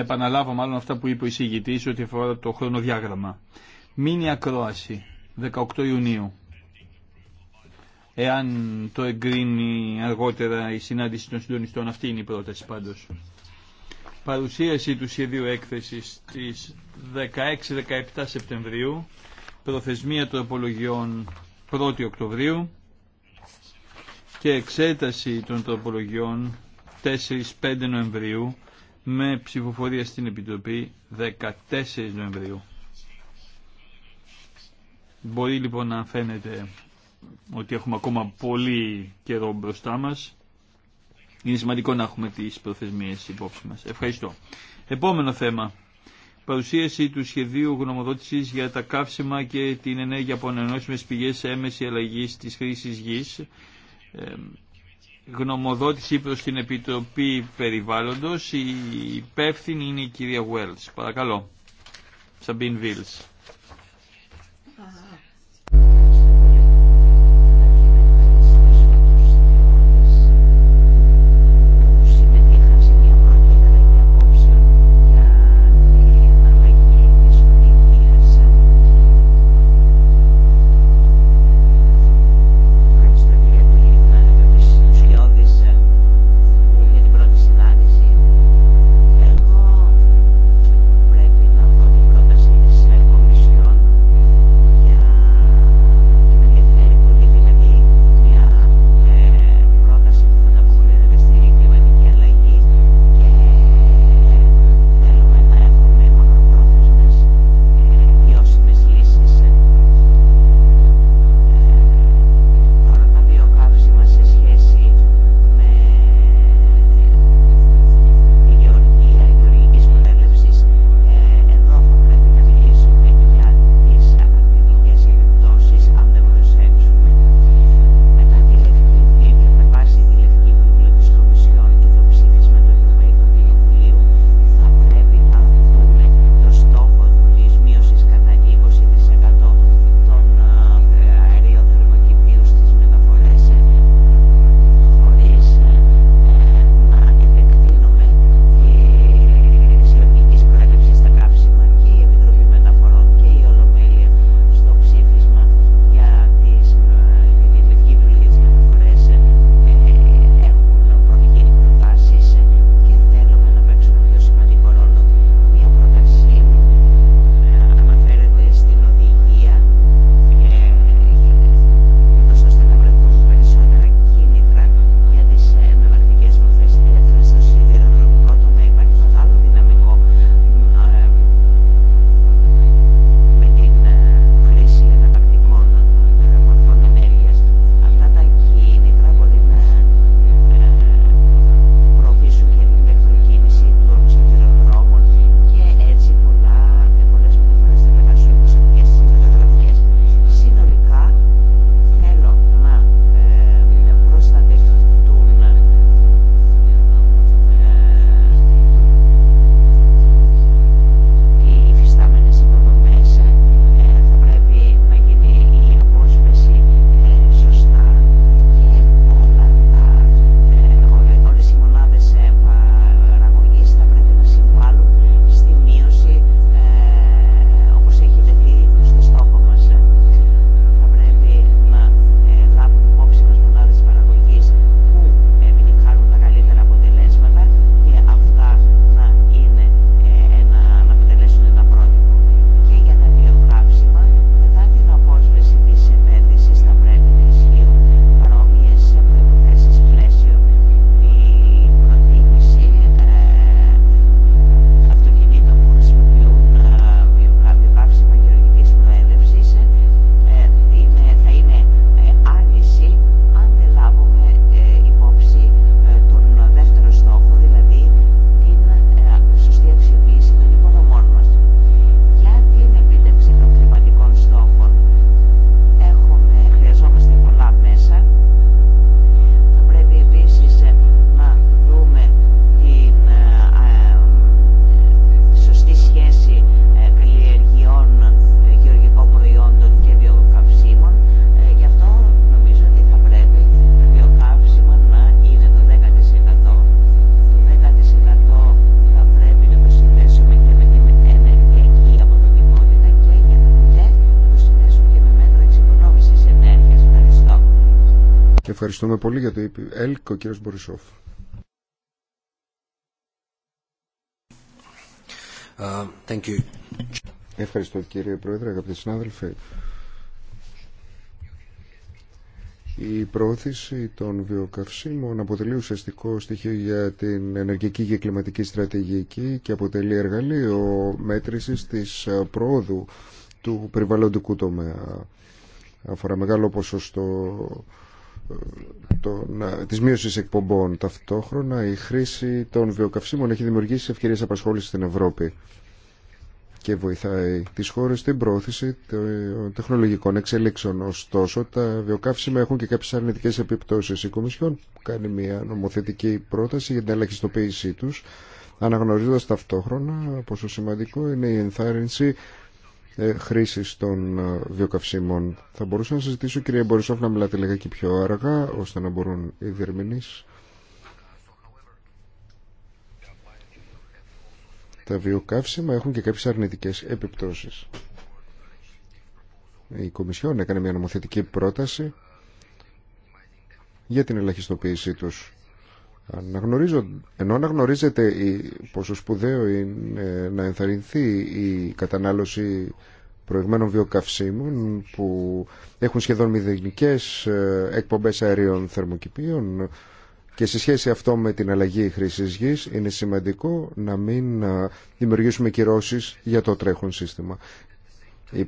επαναλάβω μάλλον αυτά που είπε ο εισηγητή ότι αφορά το χρονοδιάγραμμα. Μήνυ ακρόαση 18 Ιουνίου. Εάν το εγκρίνει αργότερα η συνάντηση των συντονιστών, αυτή είναι η πρόταση πάντω. Παρουσίαση του σχεδίου έκθεση στις 16-17 Σεπτεμβρίου, προθεσμία τροπολογιών 1η Οκτωβρίου και εξέταση των τροπολογιών 4-5 Νοεμβρίου με ψηφοφορία στην Επιτροπή 14 Νοεμβρίου. Μπορεί λοιπόν να φαίνεται ότι έχουμε ακόμα πολύ καιρό μπροστά μας. Είναι σημαντικό να έχουμε τις προθεσμίες υπόψη μας. Ευχαριστώ. Επόμενο θέμα. Παρουσίαση του σχεδίου γνωμοδότησης για τα καύσιμα και την ενέργεια από ανανεώσιμες πηγές έμεση αλλαγής της χρήσης γης. Ε, γνωμοδότηση προς την Επιτροπή Περιβάλλοντος. Η υπεύθυνη είναι η κυρία Βουέλ. Παρακαλώ. Σαμπίν Βίλς. Ευχαριστούμε πολύ για το ΕΛΚ, ο κύριος Μπορισόφ. Ε, Ευχαριστώ κύριε Πρόεδρε, αγαπητοί συνάδελφοι. Η προώθηση των βιοκαυσίμων αποτελεί ουσιαστικό στοιχείο για την ενεργειακή και κλιματική στρατηγική και αποτελεί εργαλείο μέτρησης της πρόοδου του περιβαλλοντικού τομέα. Αφορά μεγάλο ποσοστό Τη της μείωσης εκπομπών. Ταυτόχρονα η χρήση των βιοκαυσίμων έχει δημιουργήσει ευκαιρίες απασχόλησης στην Ευρώπη και βοηθάει τις χώρες στην πρόθεση των τεχνολογικών εξελίξεων. Ωστόσο, τα βιοκαύσιμα έχουν και κάποιες αρνητικές επιπτώσεις. Η Κομισιόν κάνει μια νομοθετική πρόταση για την ελαχιστοποίησή τους, αναγνωρίζοντας ταυτόχρονα πόσο σημαντικό είναι η ενθάρρυνση ε, χρήση των ε, βιοκαυσίμων. Θα μπορούσα να συζητήσω, κυρία Μπορισόφ, να μιλάτε και πιο αργά, ώστε να μπορούν οι διερμηνείς. Τα βιοκαύσιμα έχουν και κάποιες αρνητικές επιπτώσεις. Η Κομισιόν έκανε μια νομοθετική πρόταση για την ελαχιστοποίησή τους. Αναγνωρίζω, ενώ αναγνωρίζετε πόσο σπουδαίο είναι να ενθαρρυνθεί η κατανάλωση προηγμένων βιοκαυσίμων που έχουν σχεδόν μηδενικές ε, εκπομπές αερίων θερμοκηπίων και σε σχέση αυτό με την αλλαγή χρήσης γης είναι σημαντικό να μην ε, δημιουργήσουμε κυρώσεις για το τρέχον σύστημα. Η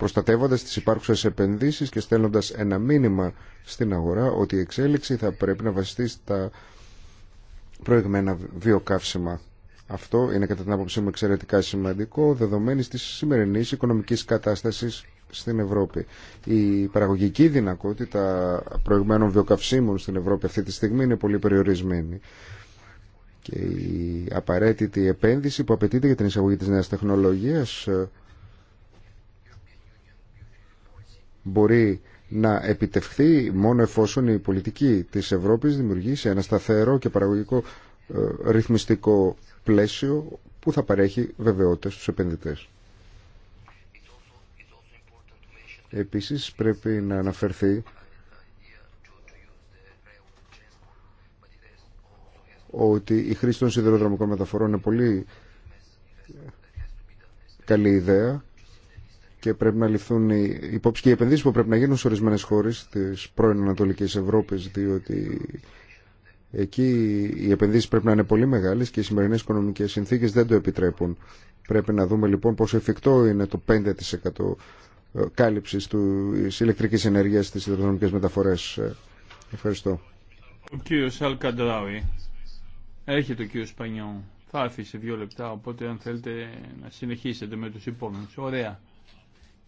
Προστατεύοντα τι υπάρχουσε επενδύσει και στέλνοντα ένα μήνυμα στην αγορά ότι η εξέλιξη θα πρέπει να βασιστεί στα προηγμένα βιοκαύσιμα. Αυτό είναι κατά την άποψή μου εξαιρετικά σημαντικό δεδομένη τη σημερινή οικονομική κατάσταση στην Ευρώπη. Η παραγωγική δυνατότητα προηγμένων βιοκαυσίμων στην Ευρώπη αυτή τη στιγμή είναι πολύ περιορισμένη και η απαραίτητη επένδυση που απαιτείται για την εισαγωγή της νέας τεχνολογίας μπορεί να επιτευχθεί μόνο εφόσον η πολιτική της Ευρώπης δημιουργήσει ένα σταθερό και παραγωγικό ε, ρυθμιστικό πλαίσιο που θα παρέχει βεβαιότητες στους επενδυτές. Επίσης πρέπει να αναφερθεί ότι η χρήση των σιδηροδρομικών μεταφορών είναι πολύ καλή ιδέα και πρέπει να ληφθούν οι υπόψη και οι επενδύσει που πρέπει να γίνουν σε ορισμένε χώρε τη πρώην Ανατολική Ευρώπη, διότι εκεί οι επενδύσει πρέπει να είναι πολύ μεγάλε και οι σημερινέ οικονομικέ συνθήκε δεν το επιτρέπουν. Πρέπει να δούμε λοιπόν πόσο εφικτό είναι το 5% ε, κάλυψης της ηλεκτρική ενέργεια στι ιδρυνομικές μεταφορέ. Ευχαριστώ. Ο κύριος Αλκαντράουι. Έρχεται ο κύριος Πανιόν. Θα άφησε δύο λεπτά, οπότε αν θέλετε να συνεχίσετε με τους υπόμενους. Ωραία.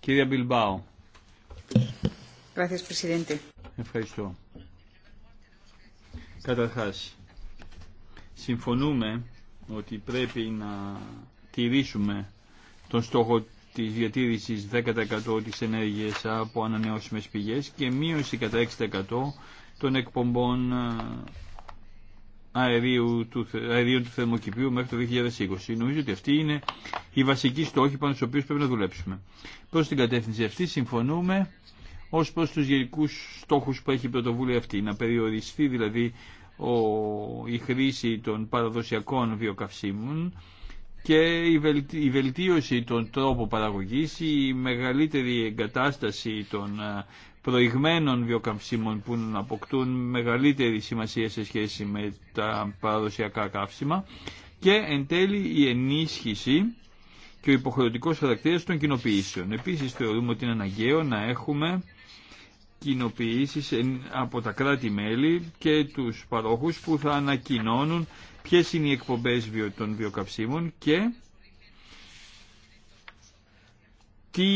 Κυρία Μπιλμπάου. Ευχαριστώ. Καταρχάς, συμφωνούμε ότι πρέπει να τηρήσουμε τον στόχο της διατήρησης 10% της ενέργειας από ανανεώσιμες πηγές και μείωση κατά 6% των εκπομπών ε, αερίου του, αερίου του θερμοκηπίου μέχρι το 2020. Νομίζω ότι αυτή είναι η βασική στόχη πάνω στους οποίους πρέπει να δουλέψουμε. Προς την κατεύθυνση αυτή συμφωνούμε ως προς τους γενικού στόχους που έχει η πρωτοβούλια αυτή. Να περιοριστεί δηλαδή ο, η χρήση των παραδοσιακών βιοκαυσίμων και η βελτίωση των τρόπων παραγωγής, η μεγαλύτερη εγκατάσταση των ε, προηγμένων βιοκαυσίμων που αποκτούν μεγαλύτερη σημασία σε σχέση με τα παραδοσιακά καύσιμα και εν τέλει η ενίσχυση και ο υποχρεωτικός χαρακτήρας των κοινοποιήσεων. Επίσης θεωρούμε ότι είναι αναγκαίο να έχουμε κοινοποιήσεις από τα κράτη-μέλη και τους παρόχους που θα ανακοινώνουν ποιες είναι οι εκπομπές των βιοκαυσίμων και τι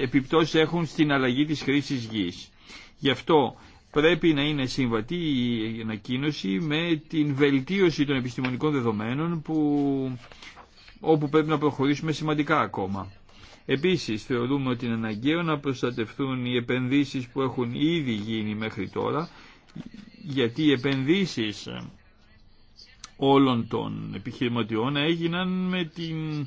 επιπτώσεις έχουν στην αλλαγή της χρήσης γης. Γι' αυτό πρέπει να είναι συμβατή η ανακοίνωση με την βελτίωση των επιστημονικών δεδομένων που, όπου πρέπει να προχωρήσουμε σημαντικά ακόμα. Επίσης θεωρούμε ότι είναι αναγκαίο να προστατευτούν οι επενδύσεις που έχουν ήδη γίνει μέχρι τώρα γιατί οι επενδύσεις όλων των επιχειρηματιών έγιναν με την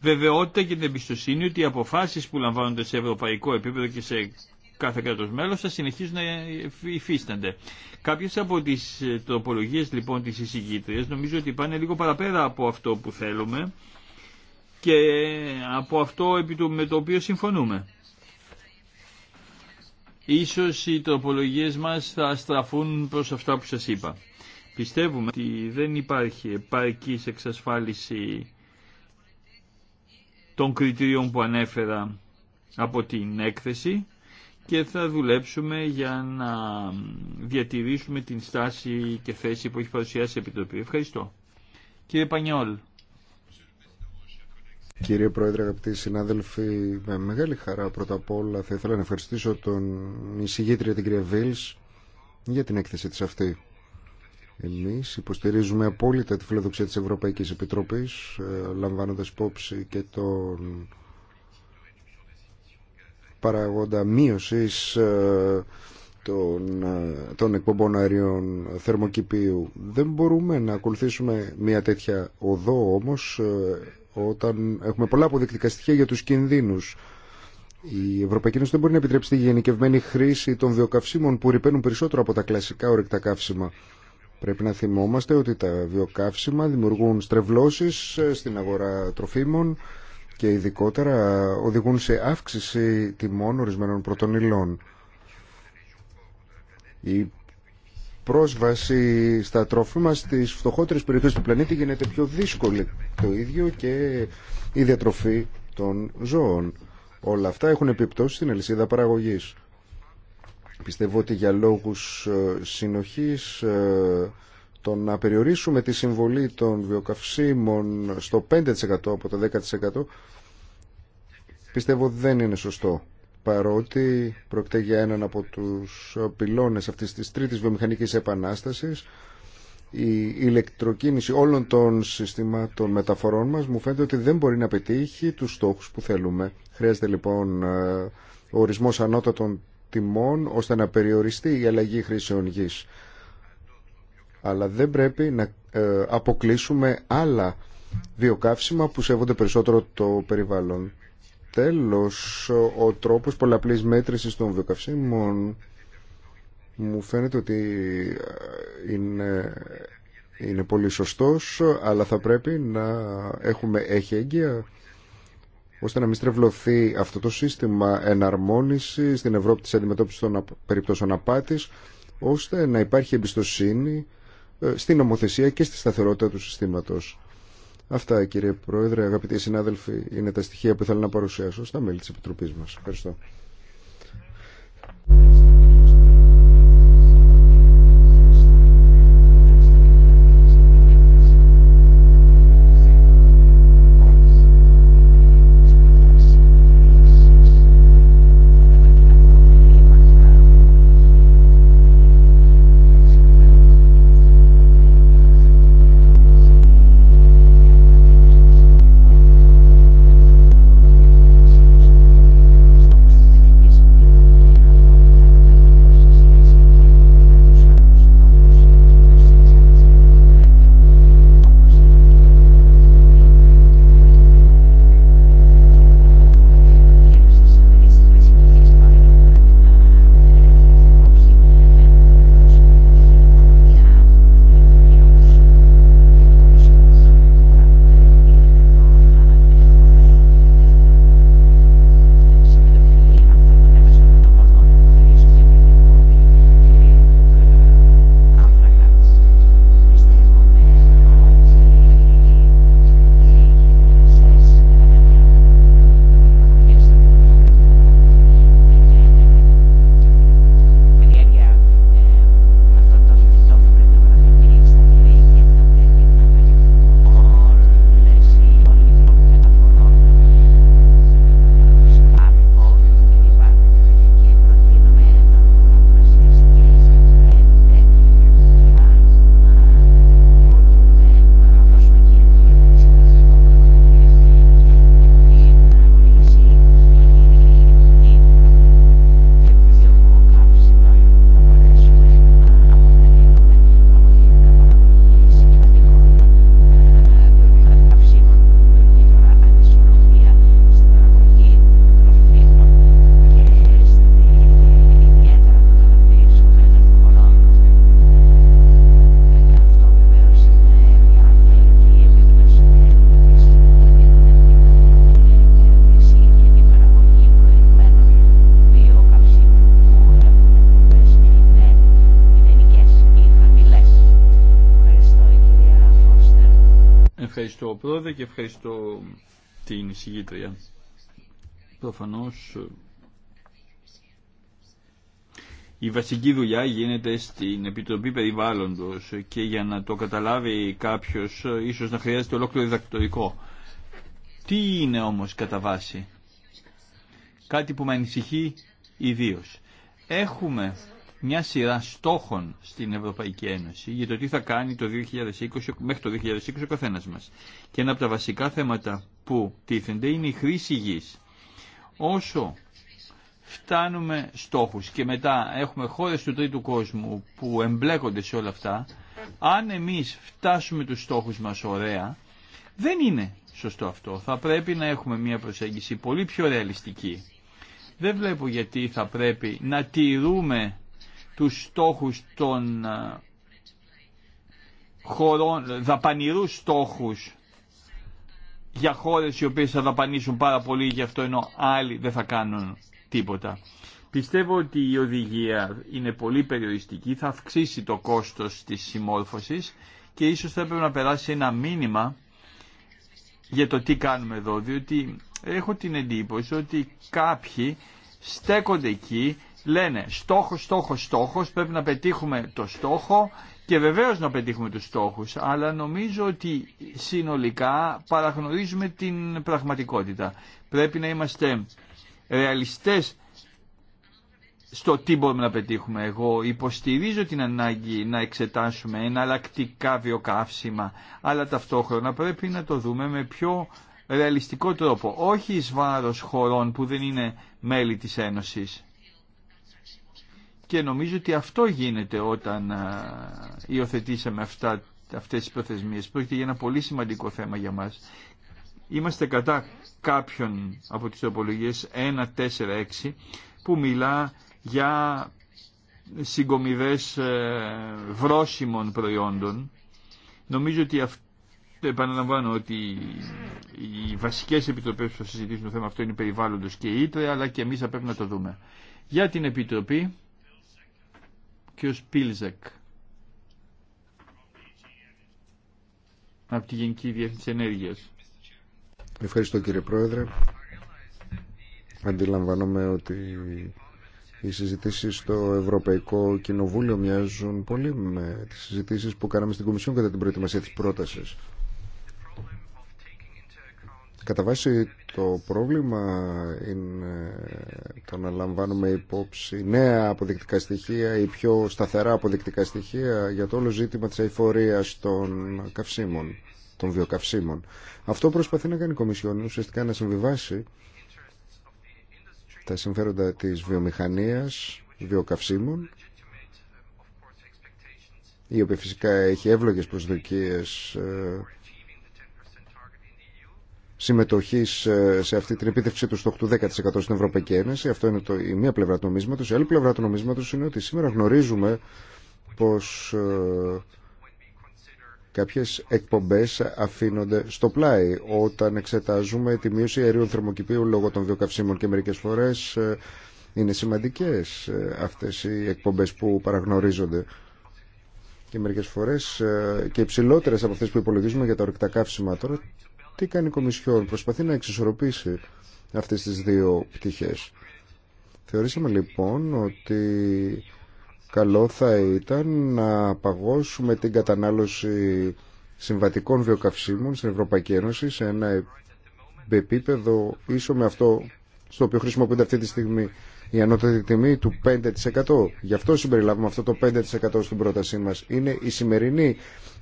βεβαιότητα και την εμπιστοσύνη ότι οι αποφάσει που λαμβάνονται σε ευρωπαϊκό επίπεδο και σε κάθε κράτο μέλο θα συνεχίζουν να υφίστανται. Κάποιε από τι τροπολογίες λοιπόν τη εισηγήτρια νομίζω ότι πάνε λίγο παραπέρα από αυτό που θέλουμε και από αυτό με το οποίο συμφωνούμε. Ίσως οι τροπολογίες μας θα στραφούν προς αυτά που σας είπα. Πιστεύουμε ότι δεν υπάρχει επαρκής εξασφάλιση των κριτηρίων που ανέφερα από την έκθεση και θα δουλέψουμε για να διατηρήσουμε την στάση και θέση που έχει παρουσιάσει η Επιτροπή. Ευχαριστώ. Κύριε Πανιόλ. Κύριε Πρόεδρε, αγαπητοί συνάδελφοι, με μεγάλη χαρά πρώτα απ' όλα θα ήθελα να ευχαριστήσω τον εισηγήτρια την κυρία Βίλς για την έκθεση της αυτή. Εμείς υποστηρίζουμε απόλυτα τη φιλοδοξία της Ευρωπαϊκής Επιτροπής, ε, λαμβάνοντας υπόψη και τον παραγόντα μείωσης ε, των, ε, των εκπομπών αερίων θερμοκηπίου. Δεν μπορούμε να ακολουθήσουμε μια τέτοια οδό όμως όταν έχουμε πολλά αποδεικτικά στοιχεία για τους κινδύνους. Η Ευρωπαϊκή Ένωση δεν μπορεί να επιτρέψει τη γενικευμένη χρήση των βιοκαυσίμων που ρηπαίνουν περισσότερο από τα κλασικά ορυκτά καύσιμα. Πρέπει να θυμόμαστε ότι τα βιοκαύσιμα δημιουργούν στρεβλώσεις ε, στην αγορά τροφίμων και ειδικότερα οδηγούν σε αύξηση τιμών ορισμένων πρωτονυλών. Η πρόσβαση στα τρόφιμα στις φτωχότερες περιοχές του πλανήτη γίνεται πιο δύσκολη το ίδιο και η διατροφή των ζώων. Όλα αυτά έχουν επιπτώσει στην αλυσίδα παραγωγής. Πιστεύω ότι για λόγους ε, συνοχής ε, το να περιορίσουμε τη συμβολή των βιοκαυσίμων στο 5% από το 10% πιστεύω δεν είναι σωστό παρότι πρόκειται για έναν από τους πυλώνες αυτής της τρίτης βιομηχανικής επανάστασης η ηλεκτροκίνηση όλων των συστημάτων μεταφορών μας μου φαίνεται ότι δεν μπορεί να πετύχει τους στόχους που θέλουμε. Χρειάζεται λοιπόν ε, ο ορισμός ανώτατων τιμών ώστε να περιοριστεί η αλλαγή χρήσεων γης. Αλλά δεν πρέπει να ε, αποκλείσουμε άλλα βιοκαύσιμα που σέβονται περισσότερο το περιβάλλον. Τέλος, ο τρόπος πολλαπλής μέτρησης των βιοκαυσίμων μου φαίνεται ότι ε, είναι, είναι πολύ σωστός, αλλά θα πρέπει να έχουμε έχει έγκυα ώστε να μην στρεβλωθεί αυτό το σύστημα εναρμόνιση στην Ευρώπη τη αντιμετώπιση των περιπτώσεων απάτης, ώστε να υπάρχει εμπιστοσύνη ε, στην νομοθεσία και στη σταθερότητα του συστήματος. Αυτά κύριε Πρόεδρε, αγαπητοί συνάδελφοι, είναι τα στοιχεία που ήθελα να παρουσιάσω στα μέλη της Επιτροπής μα. Ευχαριστώ. Πρόεδρε και ευχαριστώ την εισηγήτρια. Προφανώς η βασική δουλειά γίνεται στην Επιτροπή Περιβάλλοντος και για να το καταλάβει κάποιος ίσως να χρειάζεται ολόκληρο διδακτορικό. Τι είναι όμως κατά βάση. Κάτι που με ανησυχεί ιδίως. Έχουμε μια σειρά στόχων στην Ευρωπαϊκή Ένωση για το τι θα κάνει το 2020, μέχρι το 2020 ο καθένα μας. Και ένα από τα βασικά θέματα που τίθενται είναι η χρήση γης. Όσο φτάνουμε στόχους και μετά έχουμε χώρες του τρίτου κόσμου που εμπλέκονται σε όλα αυτά, αν εμείς φτάσουμε τους στόχους μας ωραία, δεν είναι σωστό αυτό. Θα πρέπει να έχουμε μια προσέγγιση πολύ πιο ρεαλιστική. Δεν βλέπω γιατί θα πρέπει να τηρούμε τους στόχους των ε, χωρών, δαπανηρούς στόχους για χώρες οι οποίες θα δαπανίσουν πάρα πολύ γι' αυτό ενώ άλλοι δεν θα κάνουν τίποτα. Πιστεύω ότι η οδηγία είναι πολύ περιοριστική, θα αυξήσει το κόστος της συμμόρφωσης και ίσως θα έπρεπε να περάσει ένα μήνυμα για το τι κάνουμε εδώ, διότι έχω την εντύπωση ότι κάποιοι στέκονται εκεί λένε στόχος, στόχος, στόχος, πρέπει να πετύχουμε το στόχο και βεβαίω να πετύχουμε τους στόχους, αλλά νομίζω ότι συνολικά παραγνωρίζουμε την πραγματικότητα. Πρέπει να είμαστε ρεαλιστές στο τι μπορούμε να πετύχουμε. Εγώ υποστηρίζω την ανάγκη να εξετάσουμε εναλλακτικά βιοκαύσιμα, αλλά ταυτόχρονα πρέπει να το δούμε με πιο ρεαλιστικό τρόπο, όχι εις βάρος χωρών που δεν είναι μέλη της Ένωσης και νομίζω ότι αυτό γίνεται όταν υιοθετήσαμε αυτά, αυτές τις προθεσμίες. Πρόκειται για ένα πολύ σημαντικό θέμα για μας. Είμαστε κατά κάποιον από τις τοπολογίες 1, 4, 6 που μιλά για συγκομιδές ε, βρόσιμων προϊόντων. Νομίζω ότι αυτό επαναλαμβάνω ότι οι βασικές επιτροπές που θα συζητήσουν το θέμα αυτό είναι περιβάλλοντος και ήτρε, αλλά και εμείς θα πρέπει να το δούμε. Για την Επιτροπή, ο Πίλζεκ από τη Γενική Διεύθυνση Ενέργειας. Ευχαριστώ κύριε Πρόεδρε. Αντιλαμβάνομαι ότι οι συζητήσεις στο Ευρωπαϊκό Κοινοβούλιο μοιάζουν πολύ με τις συζητήσεις που κάναμε στην Κομισιόν κατά την προετοιμασία της πρότασης. Κατά βάση το πρόβλημα είναι το να λαμβάνουμε υπόψη νέα αποδεικτικά στοιχεία ή πιο σταθερά αποδεικτικά στοιχεία για το όλο ζήτημα της αηφορίας των καυσίμων, των βιοκαυσίμων. Αυτό προσπαθεί να κάνει η Κομισιόν ουσιαστικά να συμβιβάσει τα συμφέροντα της βιομηχανίας, βιοκαυσίμων η οποία φυσικά έχει εύλογες προσδοκίες ε, Συμμετοχή ε, σε αυτή την επίτευξη του στόχου του 10% στην Ευρωπαϊκή Ένωση. Αυτό είναι το, η μία πλευρά του νομίσματος. Η άλλη πλευρά του νομίσματος είναι ότι σήμερα γνωρίζουμε πω ε, κάποιες εκπομπές αφήνονται στο πλάι όταν εξετάζουμε τη μείωση αερίων θερμοκηπίου λόγω των βιοκαυσίμων και μερικέ φορέ ε, είναι σημαντικές ε, αυτές οι εκπομπές που παραγνωρίζονται και μερικές φορές και υψηλότερες από αυτές που υπολογίζουμε για τα ορυκτά καύσιμα. Τώρα τι κάνει η Κομισιόν, προσπαθεί να εξισορροπήσει αυτές τις δύο πτυχές. Θεωρήσαμε λοιπόν ότι καλό θα ήταν να παγώσουμε την κατανάλωση συμβατικών βιοκαυσίμων στην Ευρωπαϊκή Ένωση σε ένα επίπεδο ίσο με αυτό στο οποίο χρησιμοποιείται αυτή τη στιγμή η ανώτατη τιμή του 5%. Γι' αυτό συμπεριλάβουμε αυτό το 5% στην πρότασή μας. Είναι η σημερινή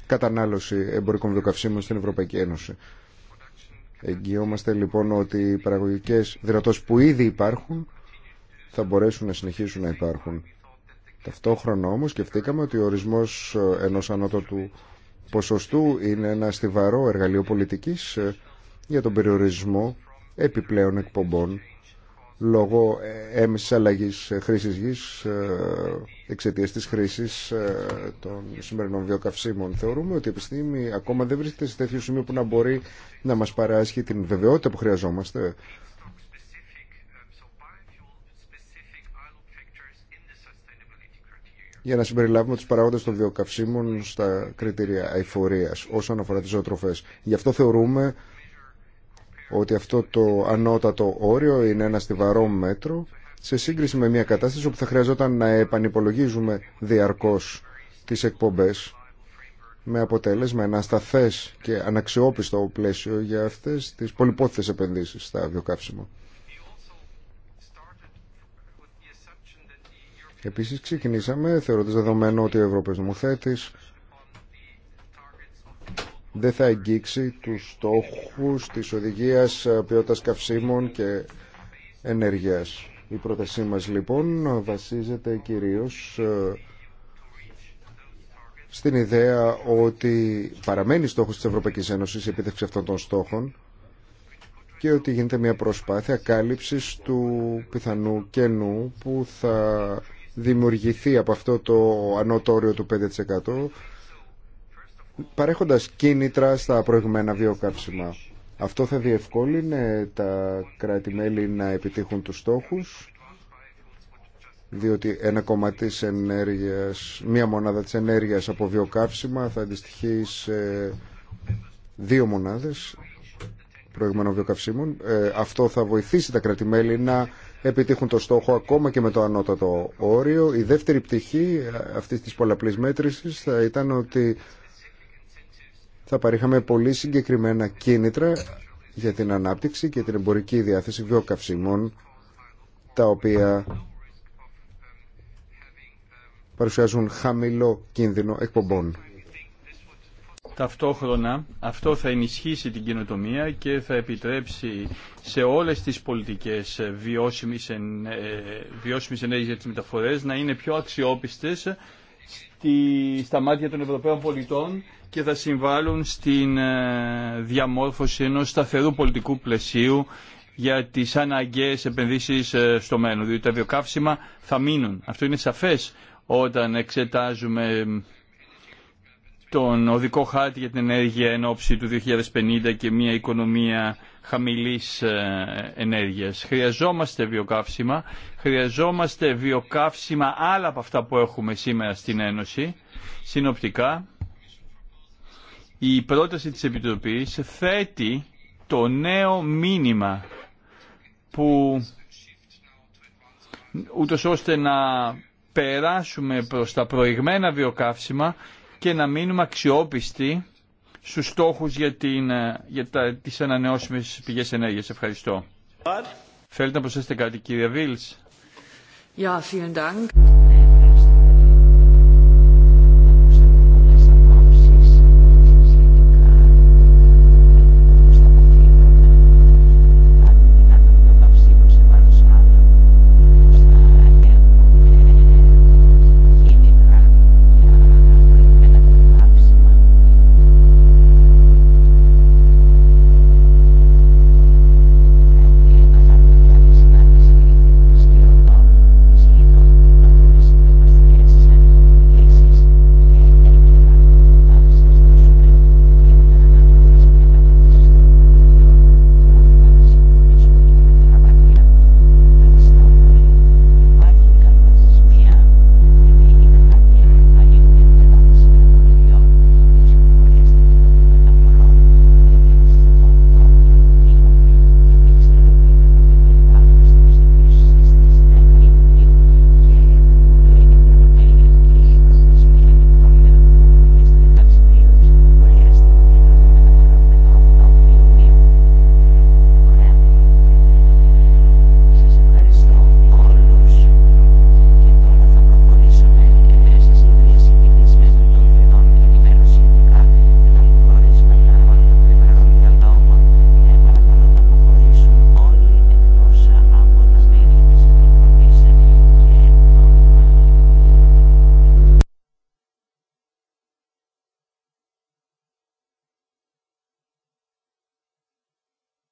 κατανάλωση εμπορικών βιοκαυσίμων στην Ευρωπαϊκή Ένωση. Εγγυόμαστε λοιπόν ότι οι παραγωγικές δυνατότητες που ήδη υπάρχουν θα μπορέσουν να συνεχίσουν να υπάρχουν. Ταυτόχρονα όμως σκεφτήκαμε ότι ο ορισμός ενός ανώτατου ποσοστού είναι ένα στιβαρό εργαλείο πολιτικής ε, για τον περιορισμό επιπλέον εκπομπών λόγω ε, έμεσης αλλαγής ε, χρήσης γης ε, εξαιτίας της χρήσης των σημερινών βιοκαυσίμων. Θεωρούμε ότι η επιστήμη ακόμα δεν βρίσκεται σε τέτοιο σημείο που να μπορεί να μας παράσχει την βεβαιότητα που χρειαζόμαστε για να συμπεριλάβουμε τους παράγοντες των βιοκαυσίμων στα κριτήρια αηφορίας όσον αφορά τις ζωοτροφές. Γι' αυτό θεωρούμε ότι αυτό το ανώτατο όριο είναι ένα στιβαρό μέτρο σε σύγκριση με μια κατάσταση όπου θα χρειαζόταν να επανυπολογίζουμε διαρκώς τις εκπομπές με αποτέλεσμα ένα σταθές και αναξιόπιστο πλαίσιο για αυτές τις πολυπόθητες επενδύσεις στα βιοκαύσιμα. Επίσης ξεκινήσαμε θεωρώντας δεδομένο ότι ο Ευρώπης νομοθέτης δεν θα αγγίξει τους στόχους της οδηγίας ε, ποιότητας καυσίμων και ενέργειας. Η πρότασή μας λοιπόν βασίζεται κυρίως ε, στην ιδέα ότι παραμένει στόχος της Ευρωπαϊκής Ένωσης η επίτευξη αυτών των στόχων και ότι γίνεται μια προσπάθεια κάλυψης του πιθανού κενού που θα δημιουργηθεί από αυτό το ανώτο του 5% παρέχοντας κίνητρα στα προηγουμένα βιοκαύσιμα. Αυτό θα διευκόλυνε τα κράτη-μέλη να επιτύχουν τους στόχους, διότι ένα κομμάτι της ενέργειας, μία μονάδα της ενέργειας από βιοκαύσιμα θα αντιστοιχεί σε δύο μονάδες προηγουμένων βιοκαυσίμων. Ε, αυτό θα βοηθήσει τα κράτη-μέλη να επιτύχουν το στόχο ακόμα και με το ανώτατο όριο. Η δεύτερη πτυχή αυτής της πολλαπλής μέτρησης θα ήταν ότι θα παρήχαμε πολύ συγκεκριμένα κίνητρα για την ανάπτυξη και την εμπορική διάθεση βιοκαυσίμων τα οποία παρουσιάζουν χαμηλό κίνδυνο εκπομπών. Ταυτόχρονα αυτό θα ενισχύσει την κοινοτομία και θα επιτρέψει σε όλες τις πολιτικές βιώσιμης, εν, ε, βιώσιμης ενέργειας μεταφορές να είναι πιο αξιόπιστες στη, στα μάτια των Ευρωπαίων πολιτών και θα συμβάλλουν στην ε, διαμόρφωση ενός σταθερού πολιτικού πλαισίου για τις αναγκαίες επενδύσεις ε, στο μέλλον, διότι τα βιοκαύσιμα θα μείνουν. Αυτό είναι σαφές όταν εξετάζουμε τον οδικό χάρτη για την ενέργεια εν ώψη του 2050 και μια οικονομία χαμηλής ε, ενέργειας. Χρειαζόμαστε βιοκαύσιμα, χρειαζόμαστε βιοκαύσιμα άλλα από αυτά που έχουμε σήμερα στην Ένωση, συνοπτικά η πρόταση της Επιτροπής θέτει το νέο μήνυμα που ούτως ώστε να περάσουμε προς τα προηγμένα βιοκαύσιμα και να μείνουμε αξιόπιστοι στους στόχους για, την, για τα, τις ανανεώσιμες πηγές ενέργειας. Ευχαριστώ. Θέλετε να προσθέσετε κάτι κύριε Βίλς. vielen Dank.